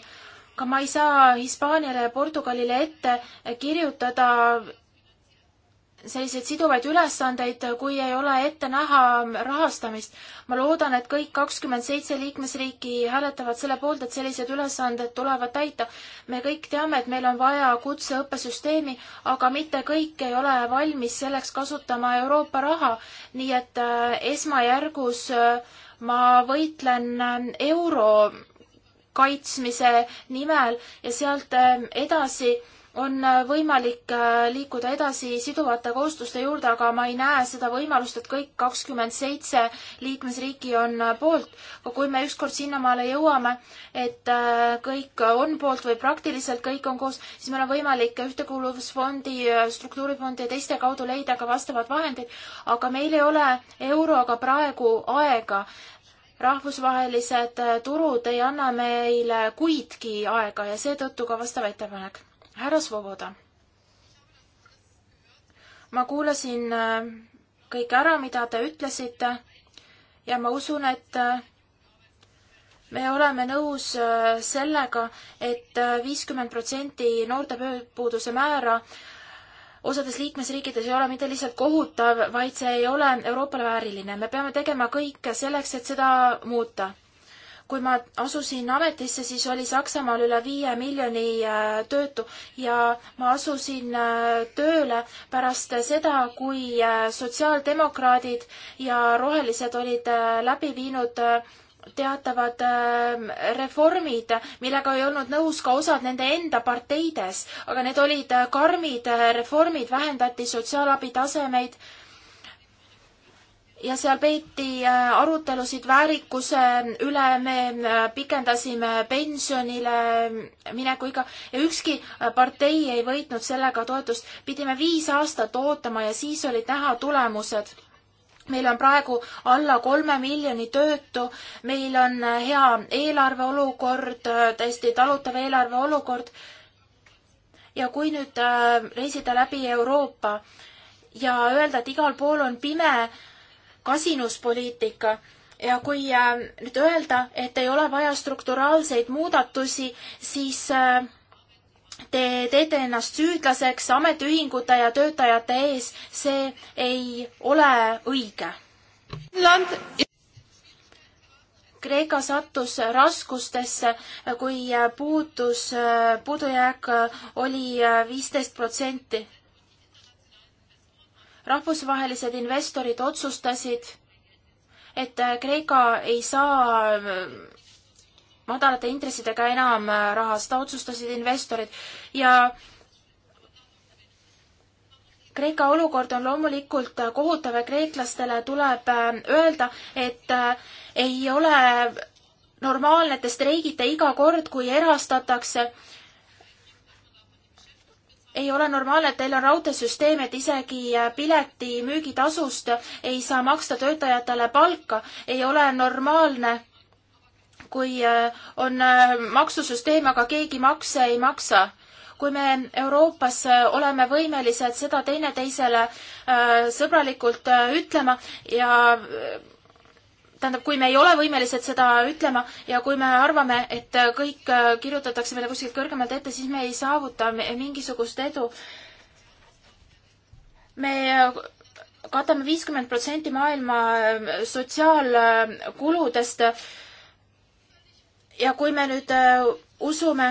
[SPEAKER 2] aga ma ei saa Hispaaniale ja Portugalile ette kirjutada selliseid siduvaid ülesandeid, kui ei ole ette näha rahastamist. ma loodan, et kõik kakskümmend seitse liikmesriiki hääletavad selle poolt, et sellised ülesanded tulevad täita. me kõik teame, et meil on vaja kutseõppesüsteemi, aga mitte kõik ei ole valmis selleks kasutama Euroopa raha. nii et äh, esmajärgus äh, ma võitlen äh, euro kaitsmise nimel ja sealt ähm, edasi on äh, võimalik äh, liikuda edasi siduvate kohustuste juurde, aga ma ei näe seda võimalust, et kõik kakskümmend seitse liikmesriiki on äh, poolt. aga kui me ükskord sinnamaale jõuame, et kõik on poolt või praktiliselt kõik on koos, siis meil on võimalik Ühtekuuluvusfondi, struktuurifondi ja teiste kaudu leida ka vastavad vahendid, aga meil ei ole euroga praegu aega rahvusvahelised äh, turud ei anna meile kuidki aega ja seetõttu ka vastav ettepanek. härra Svoboda. ma kuulasin äh, kõik ära, mida te ütlesite ja ma usun, et äh, me oleme nõus sellega et, et viiskümmend protsenti noorte tööpuuduse määra osades liikmesriikides ei ole mitte lihtsalt kohutav, vaid see ei ole Euroopale vääriline. me peame tegema kõik selleks, et seda muuta. kui ma asusin ametisse, siis oli Saksamaal üle viie miljoni äh, töötu ja ma asusin äh, tööle pärast seda, kui äh, sotsiaaldemokraadid ja rohelised olid läbi viinud teatavad ähm, reformid, millega ei olnud nõus ka osad nende enda parteides, aga need olid äh, karmid äh, reformid, vähendati sotsiaalabi tasemeid ja seal peeti äh, arutelusid väärikuse üle, me pikendasime pensionile minekuiga ja ükski partei ei võitnud sellega toetust. pidime viis aastat ootama ja siis olid näha tulemused meil on praegu alla kolme miljoni töötu, meil on hea eelarve olukord, täiesti talutav eelarve olukord. ja kui nüüd äh, reisida läbi Euroopa ja öelda, et igal pool on pime kasinuspoliitika ja kui äh, nüüd öelda, et ei ole vaja strukturaalseid muudatusi, siis äh, Te teete ennast süüdlaseks ametiühingute ja töötajate ees, see ei ole õige. Kreeka sattus raskustesse, kui puudus, puudujääk oli viisteist protsenti. rahvusvahelised investorid otsustasid, et Kreeka ei saa madalate intressidega enam äh, raha, seda otsustasid investorid ja Kreeka olukord on loomulikult äh, kohutav ja kreeklastele tuleb äh, öelda, et ei ole normaalne, et te streigite iga kord, kui erastatakse ei ole normaalne, et teil on raudteesüsteem, et isegi pileti müügitasust ei saa maksta töötajatele palka. ei ole normaalne, kui äh, on äh, maksusüsteem, aga keegi makse ei maksa. kui me Euroopas äh, oleme võimelised seda teineteisele sõbralikult ütlema ja tähendab, kui me ei ole võimelised seda ütlema ja kui me arvame, et kõik kirjutatakse meile kuskilt kõrgemalt ette, siis me ei saavuta mingisugust edu. me katame viiskümmend protsenti maailma sotsiaalkuludest ja kui me nüüd äh, usume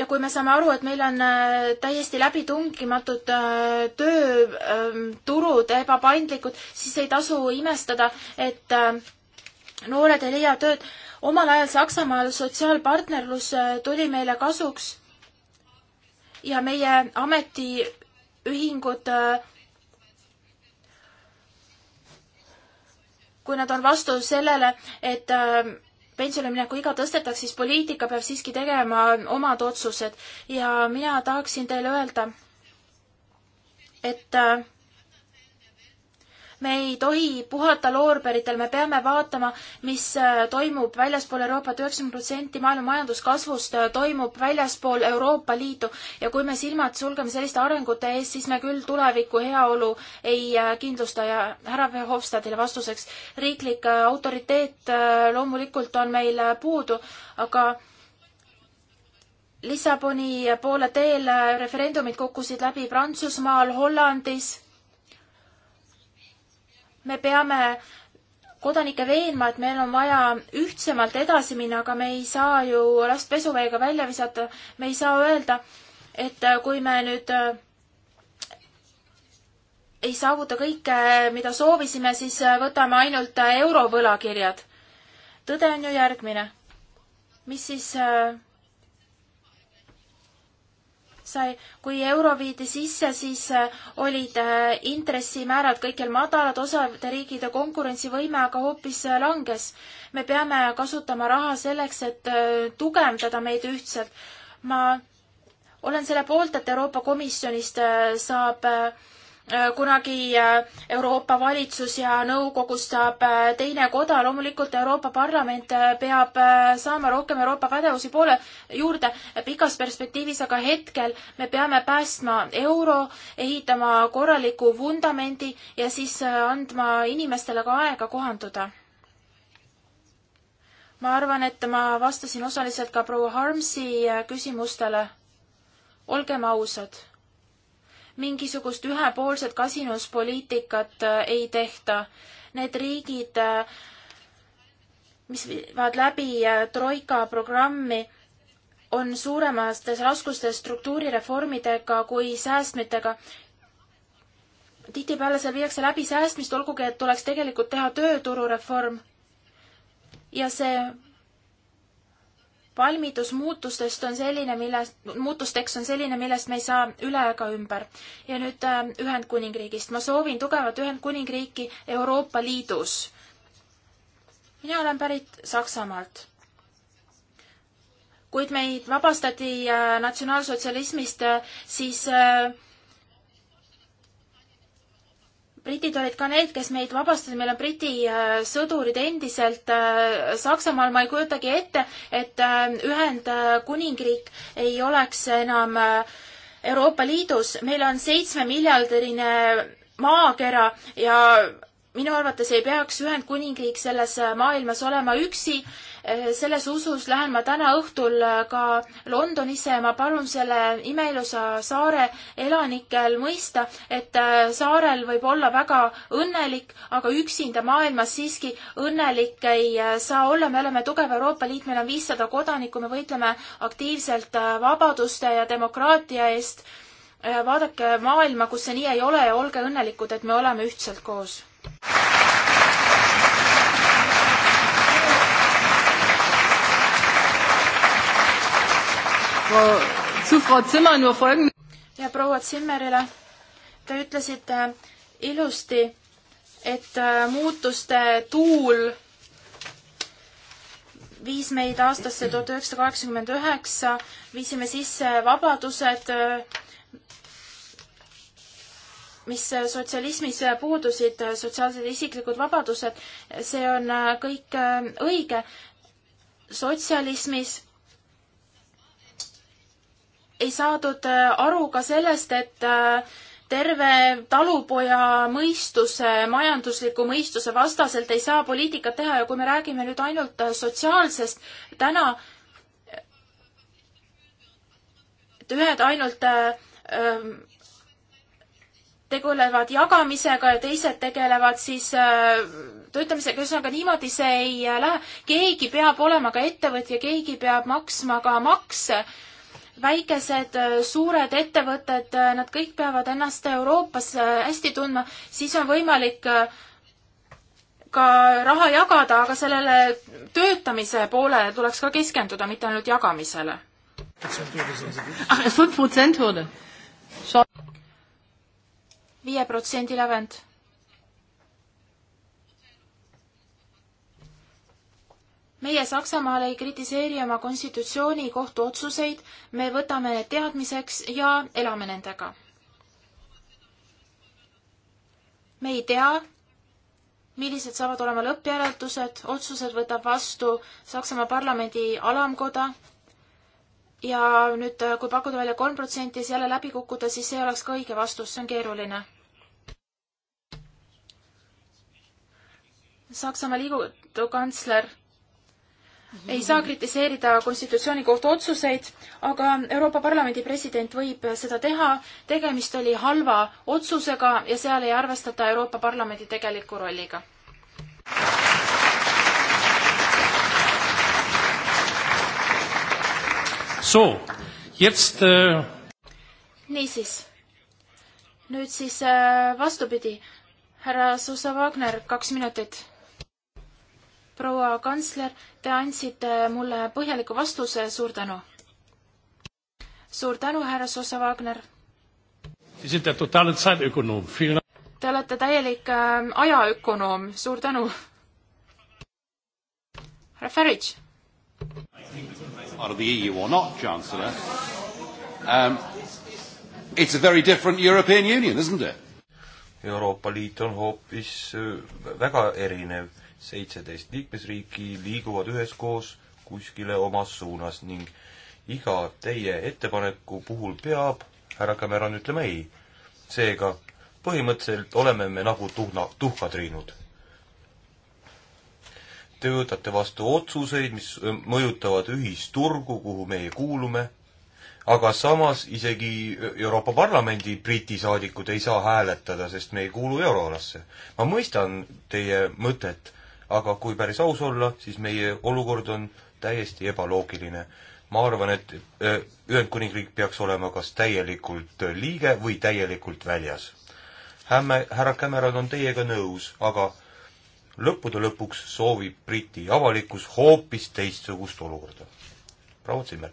[SPEAKER 2] ja kui me saame aru, et meil on äh, täiesti läbitungimatud äh, tööturud ähm, ebapaindlikud, siis ei tasu imestada, et noored ei leia tööd. omal ajal Saksamaal sotsiaalpartnerlus tuli meile kasuks ja meie ametiühingud kui nad on vastu sellele, et äh, pensionimineku iga tõstetakse, siis poliitika peab siiski tegema omad otsused ja mina tahaksin teile öelda, et äh, me ei tohi puhata loorberitel, me peame vaatama, mis äh, toimub väljaspool Euroopat, üheksakümmend protsenti maailma majanduskasvust äh, toimub väljaspool Euroopa Liitu ja kui me silmad sulgeme selliste arengute ees, siis me küll tuleviku heaolu ei äh, kindlusta ja härra Verhofstadile vastuseks, riiklik autoriteet loomulikult on meil puudu, aga Lissaboni poole teel referendumid kukkusid läbi Prantsusmaal, Hollandis me peame kodanikke veenma, et meil on vaja ühtsemalt edasi minna, aga me ei saa ju last pesuveega välja visata, me ei saa öelda, et äh, kui me nüüd äh, ei saavuta kõike, mida soovisime, siis äh, võtame ainult eurovõlakirjad. tõde on ju järgmine. mis siis äh, sai. kui euro viidi sisse, siis äh, olid äh, intressimäärad kõikjal madalad, osade riikide konkurentsivõime aga hoopis äh, langes. me peame kasutama raha selleks, et tugevdada meid ühtselt. ma olen selle poolt, et Euroopa Komisjonist saab äh, Äh, kunagi äh, Euroopa valitsus ja nõukogus saab äh, teine koda, loomulikult Euroopa Parlament peab saama rohkem Euroopa pädevusi poole juurde pikas perspektiivis, aga hetkel me peame päästma euro, ehitama korraliku vundamendi ja siis andma inimestele ka aega kohanduda. ma arvan, et ma vastasin osaliselt ka proua Harmsi küsimustele. olgem ausad mingisugust ühepoolset kasinuspoliitikat äh, ei tehta. Need riigid, äh, mis viivad läbi äh, Troika programmi, on suuremates raskustes struktuurireformidega kui säästmitega. tihtipeale seal viiakse läbi säästmist, olgugi et tuleks tegelikult teha tööturureform. ja see valmidus muutustest on selline, millest, muutusteks on selline, millest me ei saa üle ega ümber. ja nüüd äh, Ühendkuningriigist. ma soovin tugevat Ühendkuningriiki Euroopa Liidus. mina olen pärit Saksamaalt. kuid meid vabastati äh, natsionaalsotsialismist äh,, siis äh, britid olid ka need, kes meid vabastasid, meil on Briti äh, sõdurid endiselt äh, Saksamaal, ma ei kujutagi ette, et äh, Ühendkuningriik ei oleks enam Euroopa Liidus, meil on seitsmemiljardiline maakera ja minu arvates ei peaks Ühendkuningriik selles maailmas olema üksi Eh, selles usus lähen ma täna õhtul äh, ka Londonisse ja ma palun selle imeilusa saare elanikel mõista, et äh, saarel võib olla väga õnnelik, aga üksinda maailmas siiski õnnelik ei äh, saa olla. me oleme tugev Euroopa Liit, meil on viissada kodanikku, me võitleme aktiivselt vabaduste ja demokraatia eest vaadake maailma, kus see nii ei ole ja olge õnnelikud, et me oleme ühtselt koos. ja proua Zimmerile, te ütlesite ilusti, et äh, muutuste tuul viis meid aastasse tuhat üheksasada kaheksakümmend üheksa, viisime sisse vabadused, äh, mis sotsialismis puudusid, äh, sotsiaalsed isiklikud vabadused, see on kõik õige. sotsialismis ei saadud äh, aru ka sellest, et äh, terve talupoja mõistuse, majandusliku mõistuse vastaselt ei saa poliitikat teha ja kui me räägime nüüd ainult äh, sotsiaalsest täna, et ühed ainult öö, ähm, tegelevad jagamisega ja teised tegelevad siis äh, töötamisega, ühesõnaga niimoodi see ei lähe. keegi peab olema ka ettevõtja, keegi peab maksma ka makse väikesed, äh, suured ettevõtted, äh, nad kõik peavad ennast Euroopas äh, hästi tundma, siis on võimalik ka raha jagada, aga sellele töötamise poolele tuleks ka keskenduda, mitte ainult jagamisele. Ah, viie protsendi lävend meie Saksamaal ei kritiseeri oma konstitutsioonikohtu otsuseid, me võtame need teadmiseks ja elame nendega. me ei tea, millised saavad olema lõppjäreldused, otsused võtab vastu Saksamaa parlamendi alamkoda ja nüüd, äh, kui pakkuda välja kolm protsenti ja siis jälle läbi kukkuda, siis see oleks ka õige vastus, see on keeruline. Saksamaa liidu kantsler ei saa kritiseerida konstitutsioonikohtu otsuseid, aga Euroopa Parlamendi president võib seda teha. tegemist oli halva otsusega ja seal ei arvestata Euroopa Parlamendi tegeliku rolliga.
[SPEAKER 1] So, jetzt äh...
[SPEAKER 2] niisiis, nüüd siis äh, vastupidi, härra Zusa Wagner, kaks minutit proua kantsler, te andsite mulle põhjaliku vastuse, suur tänu. suur tänu, härra Sosa Wagner. Te olete täielik äh, ajaökonoom, suur tänu. härra Farage.
[SPEAKER 1] Part of the EU or not, Chancellor.
[SPEAKER 5] Um, it's a very different European Union, isn't it? Euroopa Liit on hoopis äh, väga erinev seitseteist liikmesriiki liiguvad üheskoos kuskile omas suunas ning iga teie ettepaneku puhul peab härra Cameron ütlema ei. seega põhimõtteliselt oleme me nagu tuhna, tuhkatriinud. Te võtate vastu otsuseid, mis mõjutavad ühisturgu, kuhu meie kuulume, aga samas isegi Euroopa Parlamendi Briti saadikud ei saa hääletada, sest me ei kuulu euroalasse. ma mõistan teie mõtet aga kui päris aus olla, siis meie olukord on täiesti ebaloogiline. ma arvan, et e, Ühendkuningriik peaks olema kas täielikult liige või täielikult väljas. Hämme, härra Cameron on teiega nõus, aga lõppude lõpuks soovib Briti avalikkus hoopis teistsugust olukorda. proua Zimmer.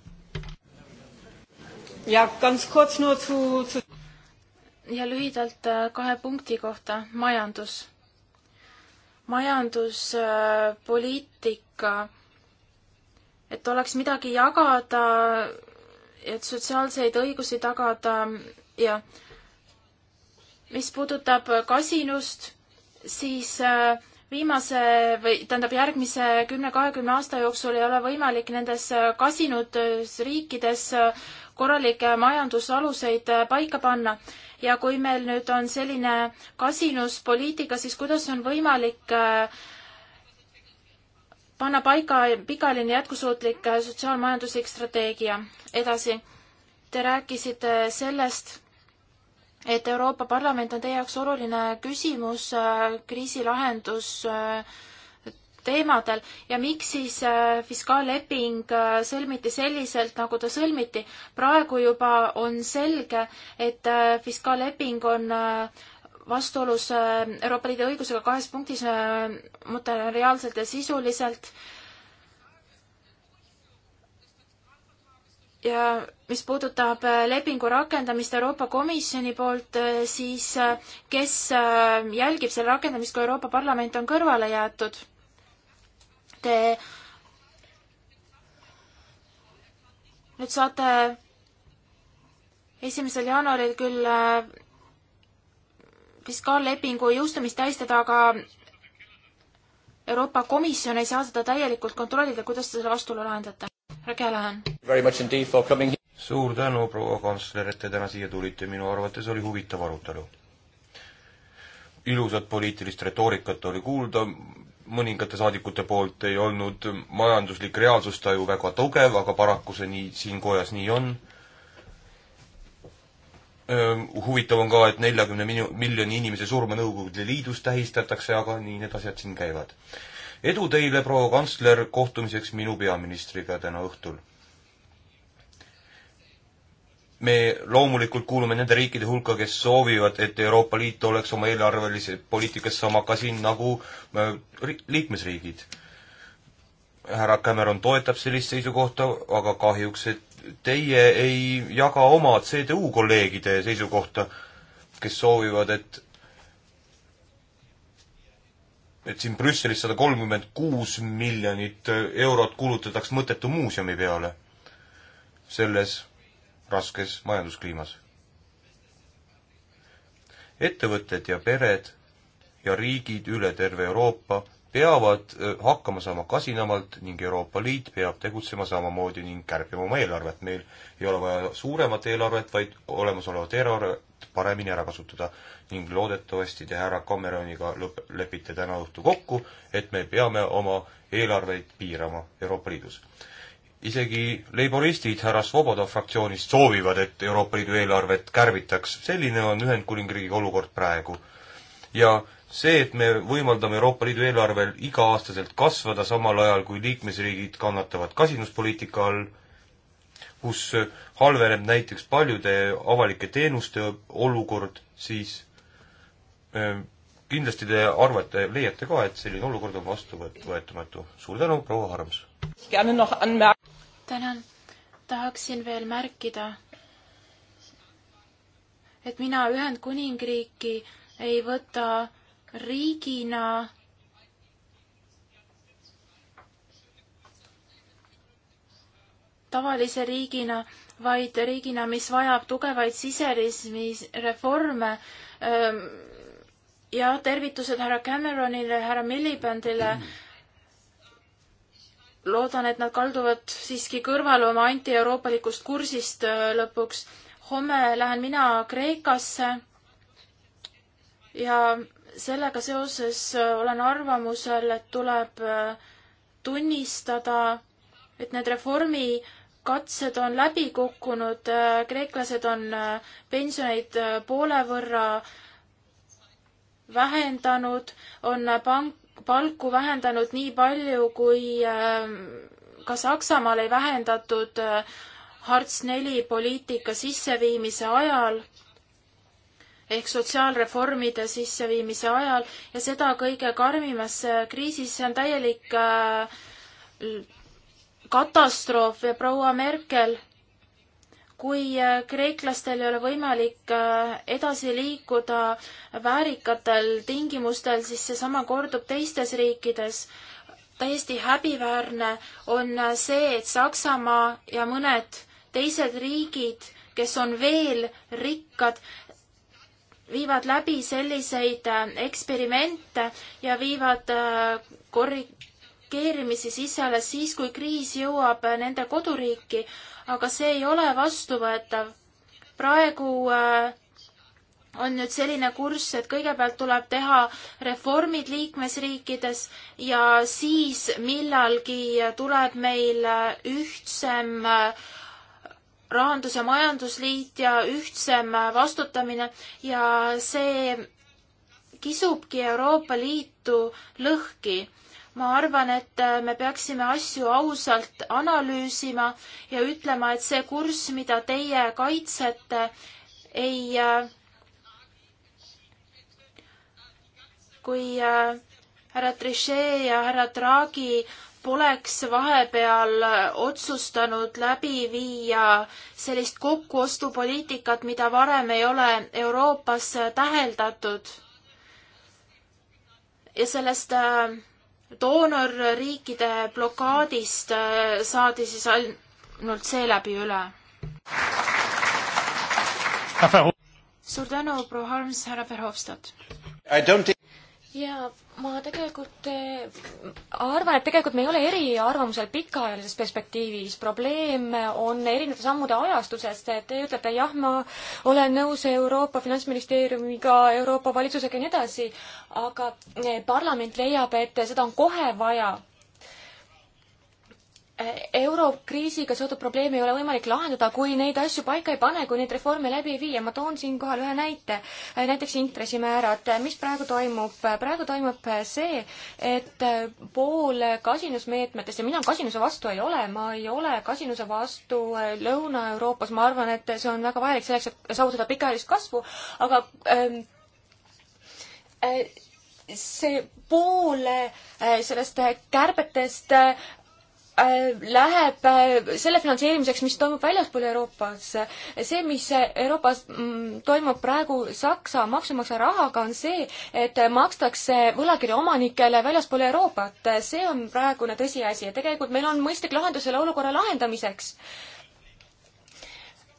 [SPEAKER 2] ja lühidalt äh, kahe punkti kohta, majandus majanduspoliitika, et oleks midagi jagada, et sotsiaalseid õigusi tagada ja mis puudutab kasinust, siis äh, viimase või tähendab, järgmise kümne-kahekümne aasta jooksul ei ole võimalik nendes äh, kasinud riikides äh, korralikke majandusaluseid paika panna ja kui meil nüüd on selline kasinuspoliitika, siis kuidas on võimalik äh, panna paika pikaline jätkusuutlik äh, sotsiaalmajanduslik strateegia. edasi, te rääkisite sellest, et Euroopa Parlament on teie jaoks oluline küsimus äh, kriisilahendus äh, teemadel ja miks siis äh, fiskaalleping äh, sõlmiti selliselt, nagu ta sõlmiti. praegu juba on selge, et äh, fiskaalleping on vastuolus Euroopa Liidu õigusega kahes punktis materiaalselt ja sisuliselt. ja mis puudutab lepingu rakendamist Euroopa Komisjoni poolt, siis kes jälgib selle rakendamist, kui Euroopa Parlament on kõrvale jäetud? te nüüd saate esimesel jaanuaril küll äh, fiskaallepingu jõustumist tähistada, aga Euroopa Komisjon ei saa seda täielikult kontrollida, kuidas te selle vastuolu lahendate? härra
[SPEAKER 5] Kälehan. suur tänu, proua kantsler, et te täna siia tulite, minu arvates oli huvitav arutelu. ilusat poliitilist retoorikat oli kuulda, mõningate saadikute poolt ei olnud majanduslik reaalsustaju väga tugev, aga paraku see nii siin kojas nii on. huvitav on ka, et neljakümne miljoni inimese surma Nõukogude Liidus tähistatakse, aga nii need asjad siin käivad. edu teile, proua kantsler, kohtumiseks minu peaministriga täna õhtul! me loomulikult kuulume nende riikide hulka, kes soovivad, et Euroopa Liit oleks oma eelarvelise poliitikas sama kasin nagu äh, liikmesriigid. härra Cameron toetab sellist seisukohta, aga kahjuks, et teie ei jaga oma CDU kolleegide seisukohta, kes soovivad, et et siin Brüsselis sada kolmkümmend kuus miljonit eurot kulutataks mõttetu muuseumi peale selles raskes majanduskliimas. ettevõtted ja pered ja riigid üle terve Euroopa peavad äh, hakkama saama kasinamalt ning Euroopa Liit peab tegutsema samamoodi ning kärpima oma eelarvet. meil ei ole vaja suuremat eelarvet, vaid olemasolevat eelarvet paremini ära kasutada ning loodetavasti te härra Cameroniga lõp-, lepite täna õhtu kokku, et me peame oma eelarveid piirama Euroopa Liidus isegi leiboristid härra Svoboda fraktsioonist soovivad, et Euroopa Liidu eelarvet kärbitaks. selline on Ühendkuningriigi olukord praegu. ja see, et me võimaldame Euroopa Liidu eelarvel iga-aastaselt kasvada, samal ajal kui liikmesriigid kannatavad kasinuspoliitika all, kus halveneb näiteks paljude avalike teenuste olukord, siis ähm, kindlasti te arvate, leiate ka, et selline olukord on vastuvõetamatu. suur tänu, proua Harms!
[SPEAKER 2] tänan. tahaksin veel märkida, et mina Ühendkuningriiki ei võta riigina tavalise riigina, vaid riigina, mis vajab tugevaid siselisi reforme. ja tervitused härra Cameronile, härra Millibandile mm., loodan, et nad kalduvad siiski kõrvale oma anti-euroopalikust kursist äh, lõpuks. homme lähen mina Kreekasse ja sellega seoses äh, olen arvamusel, et tuleb äh, tunnistada, et need reformi katsed on läbi kukkunud, kreeklased on pensioneid poole võrra vähendanud, on pank palku vähendanud nii palju, kui ähm, ka Saksamaal ei vähendatud äh, Hartz neli poliitika sisseviimise ajal ehk sotsiaalreformide sisseviimise ajal ja seda kõige karmimas äh, kriisis, see on täielik äh, katastroof ja proua Merkel kui äh, kreeklastel ei ole võimalik äh, edasi liikuda väärikatel tingimustel, siis seesama kordub teistes riikides. täiesti häbiväärne on äh, see, et Saksamaa ja mõned teised riigid, kes on veel rikkad, viivad läbi selliseid eksperimente ja viivad korri-, keerimisi sisse alles siis, kui kriis jõuab nende koduriiki aga see ei ole vastuvõetav. praegu äh, on nüüd selline kurss, et kõigepealt tuleb teha reformid liikmesriikides ja siis millalgi tuleb meil äh, ühtsem äh, rahandus- ja majandusliit ja ühtsem vastutamine ja see kisubki Euroopa Liitu lõhki ma arvan, et äh, me peaksime asju ausalt analüüsima ja ütlema, et see kurss, mida teie kaitsete, ei, äh, kui äh, härra Trichet ja härra Draghi poleks vahepeal otsustanud läbi viia sellist kokkuostupoliitikat, mida varem ei ole Euroopas täheldatud. ja sellest äh, doonorriikide blokaadist äh, saadi siis ainult seeläbi üle. suur tänu, proua Harms, härra Verhofstadt!
[SPEAKER 4] jaa, ma tegelikult eh, arvan, et tegelikult me ei ole eriarvamusel pikaajalises perspektiivis. probleem on erinevate sammude ajastuses. Te ütlete, jah, ma olen nõus Euroopa Finantsministeeriumiga, Euroopa valitsusega ja nii edasi, aga eh, parlament leiab, et seda on kohe vaja eurokriisiga seotud probleeme ei ole võimalik lahendada, kui neid asju paika ei pane, kui neid reforme läbi ei vii ja ma toon siinkohal ühe näite, äh, näiteks intressimäärad, mis praegu toimub, praegu toimub äh, see, et äh, pool kasinusmeetmetest ja mina kasinuse vastu ei ole, ma ei ole kasinuse vastu Lõuna-Euroopas, ma arvan, et see on väga vajalik selleks, et saavutada pikaajalist kasvu, aga ähm, äh, see pool sellest kärbetest Äh, läheb äh, selle finantseerimiseks, mis toimub väljaspool Euroopas. see, mis Euroopas mm, toimub praegu Saksa maksumaksja rahaga, on see, et makstakse võlakirja omanikele väljaspool Euroopat. see on praegune tõsiasi ja tegelikult meil on mõistlik lahendus selle olukorra lahendamiseks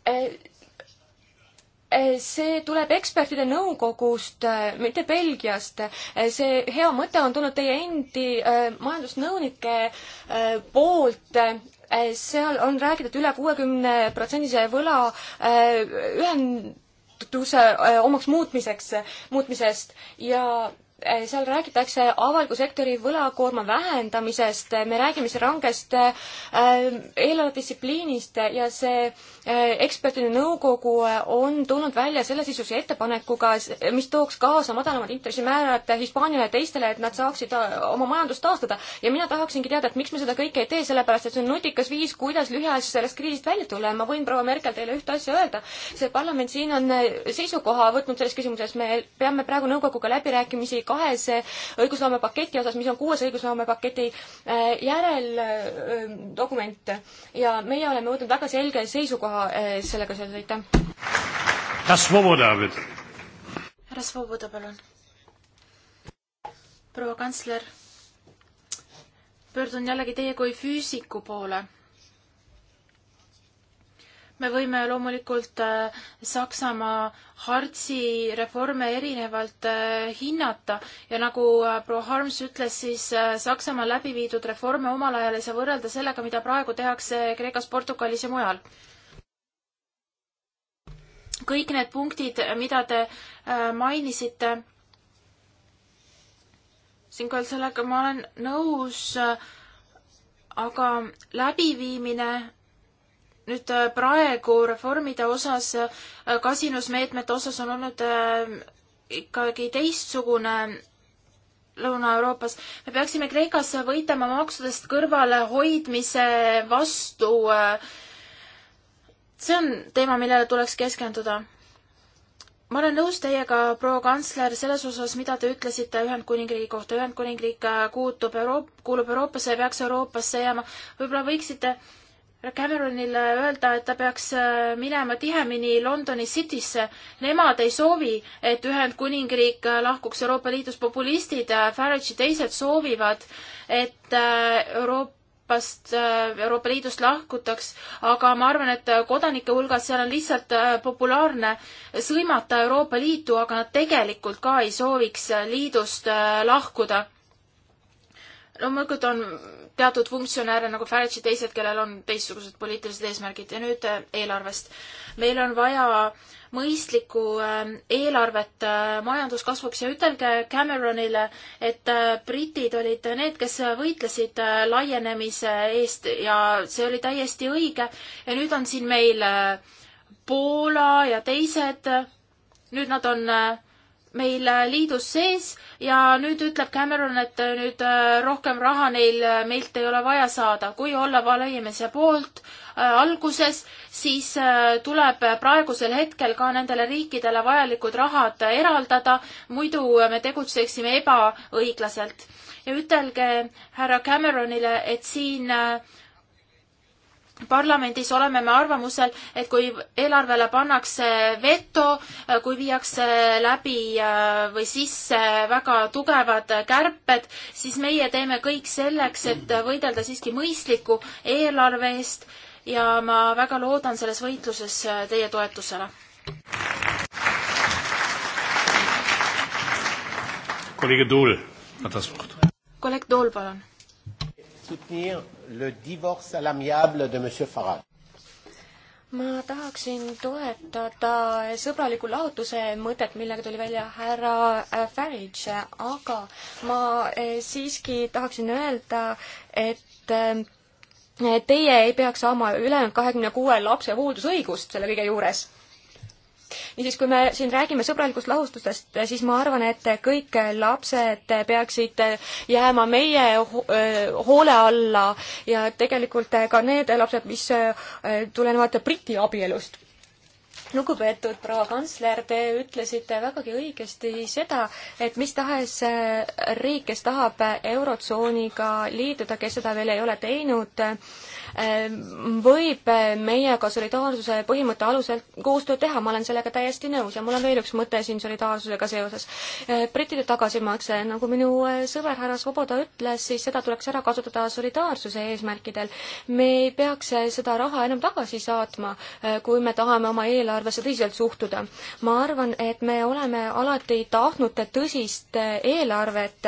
[SPEAKER 4] äh, Eh, see tuleb ekspertide nõukogust, eh, mitte Belgiast. Eh, see hea mõte on tulnud teie endi majandusnõunike poolt. seal on räägitud üle kuuekümne protsendise võla ühenduse omaks muutmiseks, muutmisest ja Äh, seal räägitakse avaliku sektori võlakoorma vähendamisest, me räägime siin rangest äh, eelarvedistsipliinist ja see äh, ekspertide nõukogu on tulnud välja sellesisulise ettepanekuga, mis tooks kaasa madalamad intressimäärad Hispaaniale ja teistele, et nad saaksid oma majandust taastada. ja mina tahaksingi teada, et miks me seda kõike ei tee, sellepärast et see on nutikas viis, kuidas lühiajaliselt sellest kriisist välja tulla ja ma võin, proua Merkel, teile ühte asja öelda. see parlament siin on seisukoha võtnud selles küsimuses, me peame praegu nõukoguga läbirääkimisi kahes õigusloomepaketi osas, mis on kuues õigusloomepaketi äh, järeldokument äh, ja meie oleme võtnud väga selge seisukoha äh, sellega seoses,
[SPEAKER 2] aitäh. härra Svoboda, palun. proua kantsler, pöördun jällegi teie kui füüsiku poole me võime loomulikult äh, Saksamaa Hartsi reforme erinevalt äh, hinnata ja nagu äh, proua Harms ütles, siis Saksamaal läbi viidud reforme omal ajal ei saa võrrelda sellega, mida praegu tehakse Kreekas, Portugalis ja mujal. kõik need punktid, mida te mainisite, siinkohal sellega ma olen nõus, aga läbiviimine nüüd äh, praegu reformide osas, äh, kasinusmeetmete osas on olnud äh, ikkagi teistsugune Lõuna-Euroopas. me peaksime Kreekas võitlema maksudest kõrvalehoidmise vastu. see on teema, millele tuleks keskenduda. ma olen nõus teiega, proua kantsler, selles osas, mida te ütlesite Ühendkuningriigi kohta. Ühendkuningriik kuutub Euroop-, kuulub Euroopasse ja peaks Euroopasse jääma. võib-olla võiksite äh, Cameronile öelda, et ta peaks äh, minema tihemini Londoni Citysse. Nemad ei soovi, et Ühendkuningriik äh, lahkuks Euroopa Liidus, populistid, äh, Farage'i teised soovivad, et Euroopast, Euroopa Liidust lahkutaks, aga ma arvan, et kodanike hulgas seal on lihtsalt populaarne sõimata Euroopa Liitu, aga nad tegelikult ka ei sooviks liidust lahkuda loomulikult on teatud funktsionääre nagu Farage ja teised, kellel on teistsugused poliitilised eesmärgid ja nüüd äh, eelarvest. meil on vaja mõistlikku äh, eelarvet äh, majanduskasvuks ja ütelge Cameronile, et britid olid need, kes võitlesid laienemise eest ja see oli täiesti õige ja nüüd on siin meil Poola ja teised, nüüd nad on äh, meil liidus sees ja nüüd ütleb Cameron, et äh, nüüd äh, rohkem raha neil äh, meilt ei ole vaja saada. kui olla valimise poolt äh, alguses, siis äh, tuleb praegusel hetkel ka nendele riikidele vajalikud rahad eraldada, muidu me tegutseksime ebaõiglaselt. ja ütelge härra Cameronile, et siin äh, parlamendis oleme me arvamusel, et kui eelarvele pannakse veto, kui viiakse läbi äh, või sisse väga tugevad kärped, siis meie teeme kõik selleks, et võidelda siiski mõistliku eelarve eest ja ma väga loodan selles võitluses äh, teie toetusele. kolleeg Tuul, kolleeg Tuul, palun
[SPEAKER 1] le divorce à l'amiable de monsieur Farage
[SPEAKER 2] ma tahaksin
[SPEAKER 4] toetada sõbraliku lahutuse mõtet, millega tuli välja härra äh, Farage, aga ma äh, siiski tahaksin öelda, et äh, teie ei peaks saama ülejäänud kahekümne kuue lapse hooldusõigust selle kõige juures niisiis, kui me siin räägime sõbralikust lahustustest, eh, siis ma arvan, et kõik lapsed peaksid eh, jääma meie ho eh, hoole alla ja tegelikult ka need lapsed, mis tulenevad Briti abielust lugupeetud proua kantsler, te ütlesite vägagi õigesti seda, et mis tahes riik, kes tahab Eurotsooniga liituda, kes seda veel ei ole teinud, Ehm, võib eh, meiega solidaarsuse põhimõtte alusel koostööd teha, ma olen sellega täiesti nõus ja mul on veel üks mõte siin solidaarsusega seoses. Ehm, brittide tagasimakse, nagu minu eh, sõber härra Svoboda ütles, siis seda tuleks ära kasutada solidaarsuse eesmärkidel. me ei peaks eh, seda raha enam tagasi saatma, kui me tahame oma eelarvesse tõsiselt suhtuda. ma arvan, et me oleme alati tahtnud tõsist eelarvet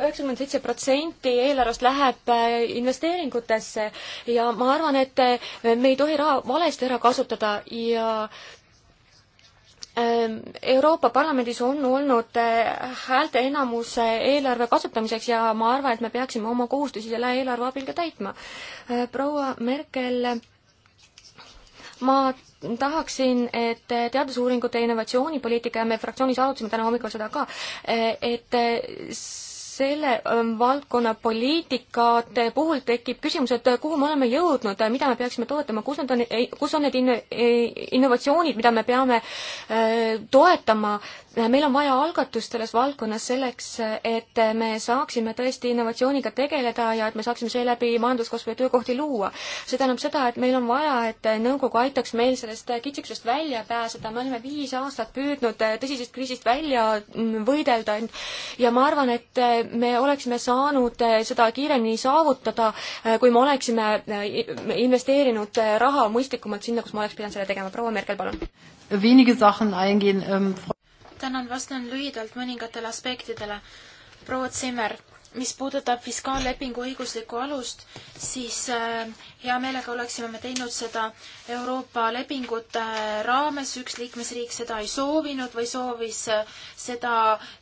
[SPEAKER 4] üheksakümmend seitse protsenti eelarvest läheb äh, investeeringutesse ja ma arvan, et äh, me ei tohi raha valesti ära kasutada ja ähm, Euroopa Parlamendis on olnud äh, häälte enamus eelarve kasutamiseks ja ma arvan, et me peaksime oma kohustusi selle eelarve abil ka täitma. proua Merkel, ma tahaksin, et teadusuuringute ja innovatsioonipoliitika ja me fraktsioonis arutasime täna hommikul seda ka, et selle ähm, valdkonna poliitikate puhul tekib küsimus, et äh, kuhu me oleme jõudnud, äh, mida me peaksime toetama, kus need on, kus on need in-, innovatsioonid, mida me peame äh, toetama, meil on vaja algatust selles valdkonnas selleks, et me saaksime tõesti innovatsiooniga tegeleda ja et me saaksime seeläbi majanduskasvu ja töökohti luua. see tähendab seda, et meil on vaja, et nõukogu aitaks meil sellest kitsiksusest välja pääseda, me oleme viis aastat püüdnud tõsisest kriisist välja mm, võidelda ja ma arvan, et me oleksime saanud eh, seda kiiremini saavutada, eh, kui me oleksime eh, investeerinud raha mõistlikumalt sinna, kus ma oleks pidanud selle tegema. proua Merkel, palun. Ähm,
[SPEAKER 2] tänan, vastan lühidalt mõningatele aspektidele. proua Zimmer mis puudutab fiskaallepingu õiguslikku alust, siis äh, hea meelega oleksime me teinud seda Euroopa lepingute äh, raames, üks liikmesriik seda ei soovinud või soovis äh, seda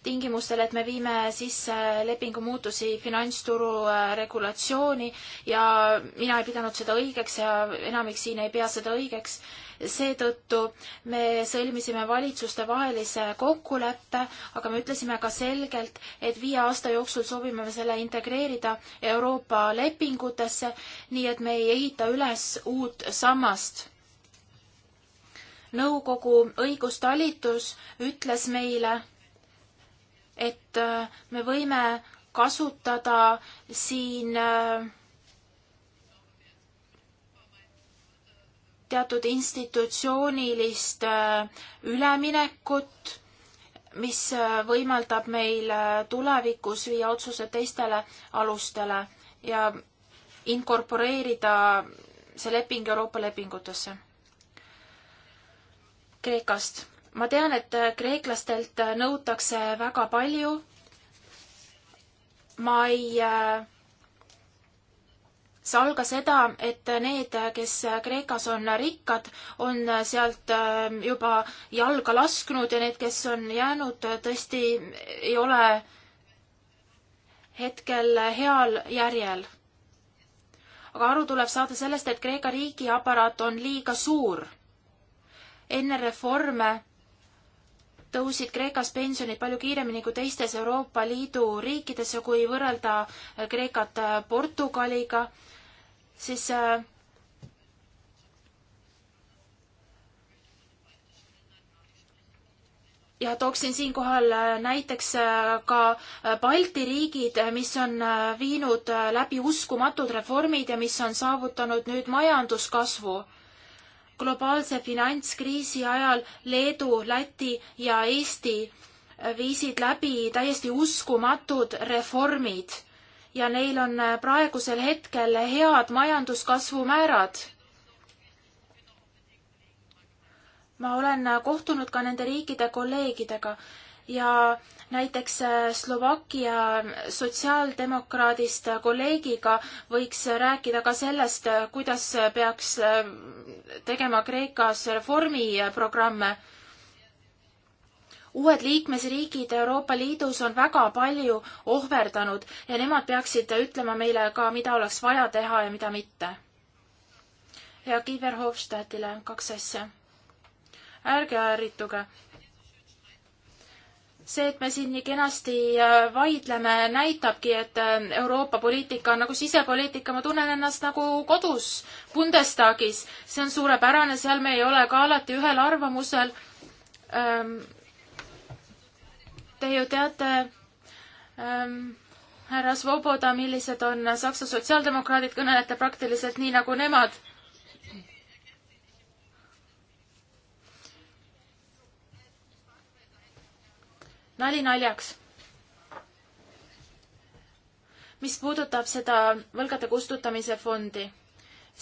[SPEAKER 2] tingimustel, et me viime sisse lepingu muutusi finantsturu regulatsiooni ja mina ei pidanud seda õigeks ja enamik siin ei pea seda õigeks seetõttu me sõlmisime valitsustevahelise kokkuleppe, aga me ütlesime ka selgelt, et viie aasta jooksul soovime me selle integreerida Euroopa lepingutesse, nii et me ei ehita üles uut sammast nõukogu õigustalitus ütles meile, et äh, me võime kasutada siin äh, teatud institutsioonilist äh, üleminekut, mis äh, võimaldab meil äh, tulevikus viia otsused teistele alustele ja inkorporeerida see leping Euroopa lepingutesse. Kreekast. ma tean, et kreeklastelt nõutakse väga palju. ma ei äh, seal ka seda, et need, kes Kreekas on rikkad, on sealt ähm, juba jalga lasknud ja need, kes on jäänud, tõesti ei ole hetkel heal järjel. aga aru tuleb saada sellest, et Kreeka riigiaparaat on liiga suur. enne reforme tõusid Kreekas pensionid palju kiiremini kui teistes Euroopa Liidu riikides ja kui võrrelda Kreekat Portugaliga, siis äh, ja tooksin siinkohal äh, näiteks äh, ka Balti riigid, mis on viinud läbi uskumatud reformid ja mis on saavutanud nüüd majanduskasvu. globaalse finantskriisi ajal Leedu, Läti ja Eesti viisid läbi täiesti uskumatud reformid ja neil on äh, praegusel hetkel head majanduskasvu määrad. ma olen äh, kohtunud ka nende riikide kolleegidega ja näiteks äh, Slovakkia sotsiaaldemokraadist kolleegiga võiks rääkida ka sellest, kuidas peaks tegema Kreekas reformiprogramme uued liikmesriigid Euroopa Liidus on väga palju ohverdanud ja nemad peaksid ütlema meile ka, mida oleks vaja teha ja mida mitte. ja Kiiver Hofstadile kaks asja. ärge ärrituge. see, et me siin nii kenasti äh, vaidleme, näitabki, et äh, Euroopa poliitika on nagu sisepoliitika, ma tunnen ennast nagu kodus Bundestagis, see on suurepärane, seal me ei ole ka alati ühel arvamusel ähm, Te ju teate ähm,, härra Svoboda, millised on Saksa sotsiaaldemokraadid, kõnelete praktiliselt nii nagu nemad. nali naljaks. mis puudutab seda võlgade kustutamise fondi,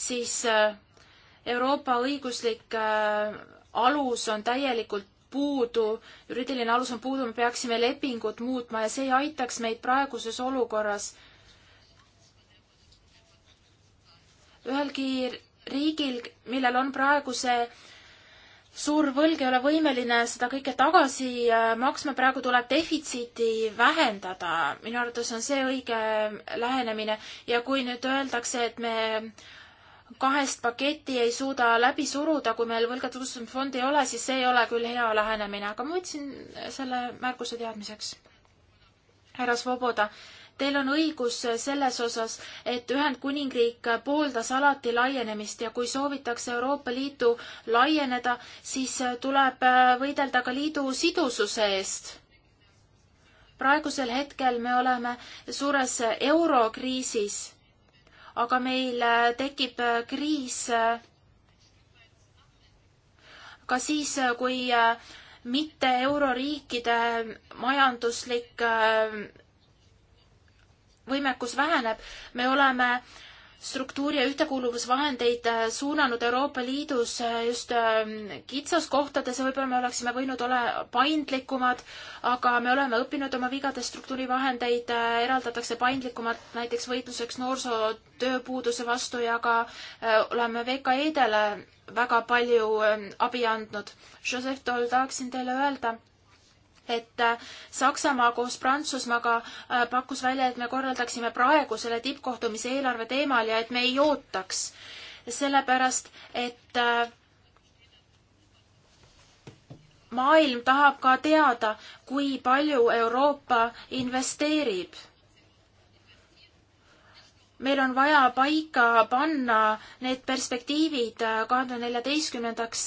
[SPEAKER 2] siis äh, Euroopa õiguslik äh, alus on täielikult puudu, juriidiline alus on puudu, me peaksime lepingut muutma ja see aitaks meid praeguses olukorras. ühelgi riigil, millel on praegu see suur võlg, ei ole võimeline seda kõike tagasi maksma, praegu tuleb defitsiiti vähendada. minu arvates on see õige lähenemine ja kui nüüd öeldakse, et me kahest paketti ei suuda läbi suruda, kui meil võlgatunnustusfondi ei ole, siis see ei ole küll hea lähenemine, aga ma võtsin selle märkuse teadmiseks. härra Svoboda, teil on õigus selles osas, et Ühendkuningriik pooldas alati laienemist ja kui soovitakse Euroopa Liitu laieneda, siis tuleb võidelda ka liidu sidususe eest praegusel hetkel me oleme suures eurokriisis aga meil äh, tekib äh, kriis äh, ka siis, kui mitte euroriikide majanduslik võimekus väheneb. me oleme äh, struktuuri- ja ühtekuuluvusvahendeid äh, suunanud Euroopa Liidus äh, just ähm, kitsaskohtades ja võib-olla me oleksime võinud ole paindlikumad, aga me oleme õppinud oma vigadest, struktuurivahendeid äh, eraldatakse paindlikumalt näiteks võitluseks noorsootööpuuduse vastu ja ka oleme VKE-dele väga palju ähm, abi andnud. Joseph Toll, tahaksin teile öelda et äh, Saksamaa koos Prantsusmaaga äh, pakkus välja, et me korraldaksime praegu selle tippkohtumise eelarve teemal ja et me ei ootaks. sellepärast, et äh, maailm tahab ka teada, kui palju Euroopa investeerib. meil on vaja paika panna need perspektiivid kahe tuhande neljateistkümnendaks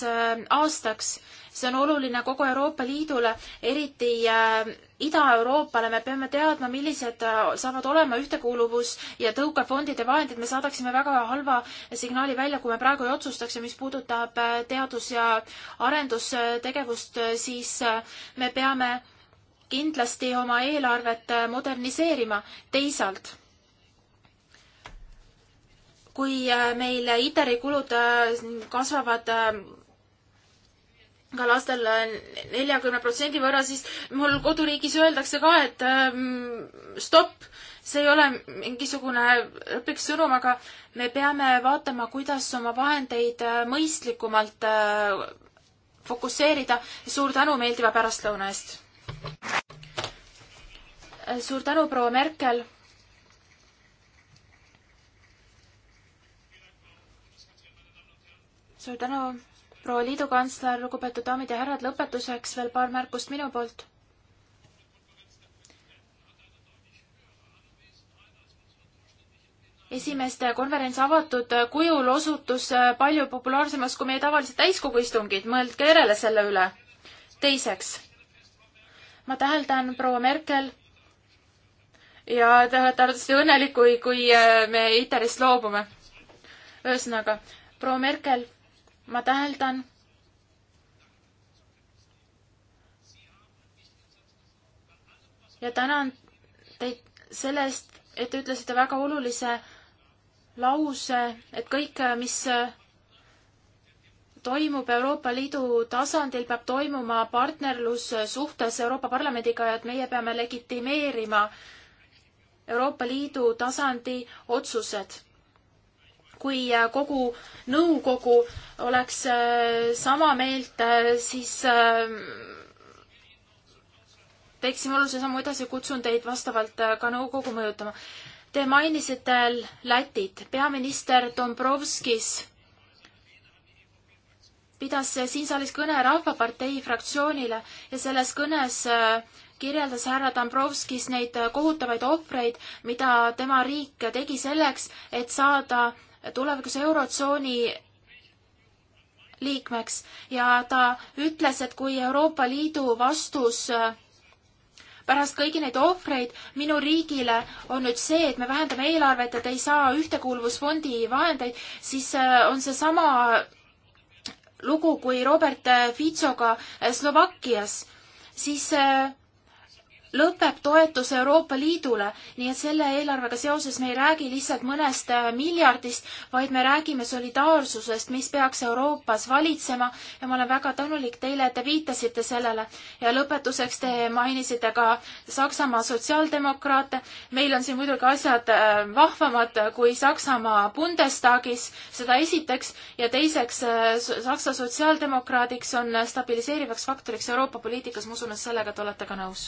[SPEAKER 2] aastaks see on oluline kogu Euroopa Liidule, eriti äh, Ida-Euroopale, me peame teadma, millised äh, saavad olema ühtekuuluvus ja tõukefondide vahendid, me saadaksime väga halva signaali välja, kui me praegu ei otsustaks ja mis puudutab äh, teadus- ja arendustegevust, siis me peame kindlasti oma eelarvet moderniseerima, teisalt kui meil ITER-i kulud kasvavad ka lastel neljakümne protsendi võrra, siis mul koduriigis öeldakse ka, et ähm, stopp, see ei ole mingisugune lõplik sõnum, aga me peame vaatama, kuidas oma vahendeid äh, mõistlikumalt äh, fokusseerida. suur tänu meeldiva pärastlõuna eest! Äh, suur tänu, proua Merkel! suur tänu! proua liidukantsler, lugupeetud daamid ja härrad, lõpetuseks veel paar märkust minu poolt. esimeste konverents avatud kujul osutus palju populaarsemaks kui meie tavalised täiskogu istungid, mõelge järele selle üle. teiseks, ma täheldan proua Merkel ja te olete arvatavasti õnnelik, kui, kui me ITER-ist loobume. ühesõnaga, proua Merkel ma täheldan, ja tänan teid selle eest, et te ütlesite väga olulise lause, et kõik, mis toimub Euroopa Liidu tasandil, peab toimuma partnerlussuhtes Euroopa Parlamendiga ja et meie peame legitimeerima Euroopa Liidu tasandi otsused kui äh, kogu nõukogu oleks äh, sama meelt, äh, siis teeksime olulise sammu edasi ja kutsun teid vastavalt ka nõukogu mõjutama. Te mainisite Lätit. peaminister Dombrovskis pidas siin saalis kõne Rahvapartei fraktsioonile ja selles kõnes kirjeldas härra Dombrovskis neid kohutavaid ohvreid, mida tema riik tegi selleks, et saada tulevikus Eurotsooni liikmeks ja ta ütles, et kui Euroopa Liidu vastus äh, pärast kõigi neid ohvreid minu riigile on nüüd see, et me vähendame eelarvet ja te ei saa ühtekuuluvusfondi vahendeid, siis äh, on seesama lugu kui Robert äh, Ficoga Slovakkias, siis lõpeb toetus Euroopa Liidule, nii et selle eelarvega seoses me ei räägi lihtsalt mõnest äh, miljardist, vaid me räägime solidaarsusest, mis peaks Euroopas valitsema ja ma olen väga tänulik teile, et te viitasite sellele. ja lõpetuseks te mainisite ka Saksamaa sotsiaaldemokraate. meil on siin muidugi asjad äh, vahvamad kui Saksamaa Bundestagis, seda esiteks, ja teiseks, äh, Saksa sotsiaaldemokraadiks on stabiliseerivaks faktoriks Euroopa poliitikas, ma usun, et sellega te olete ka nõus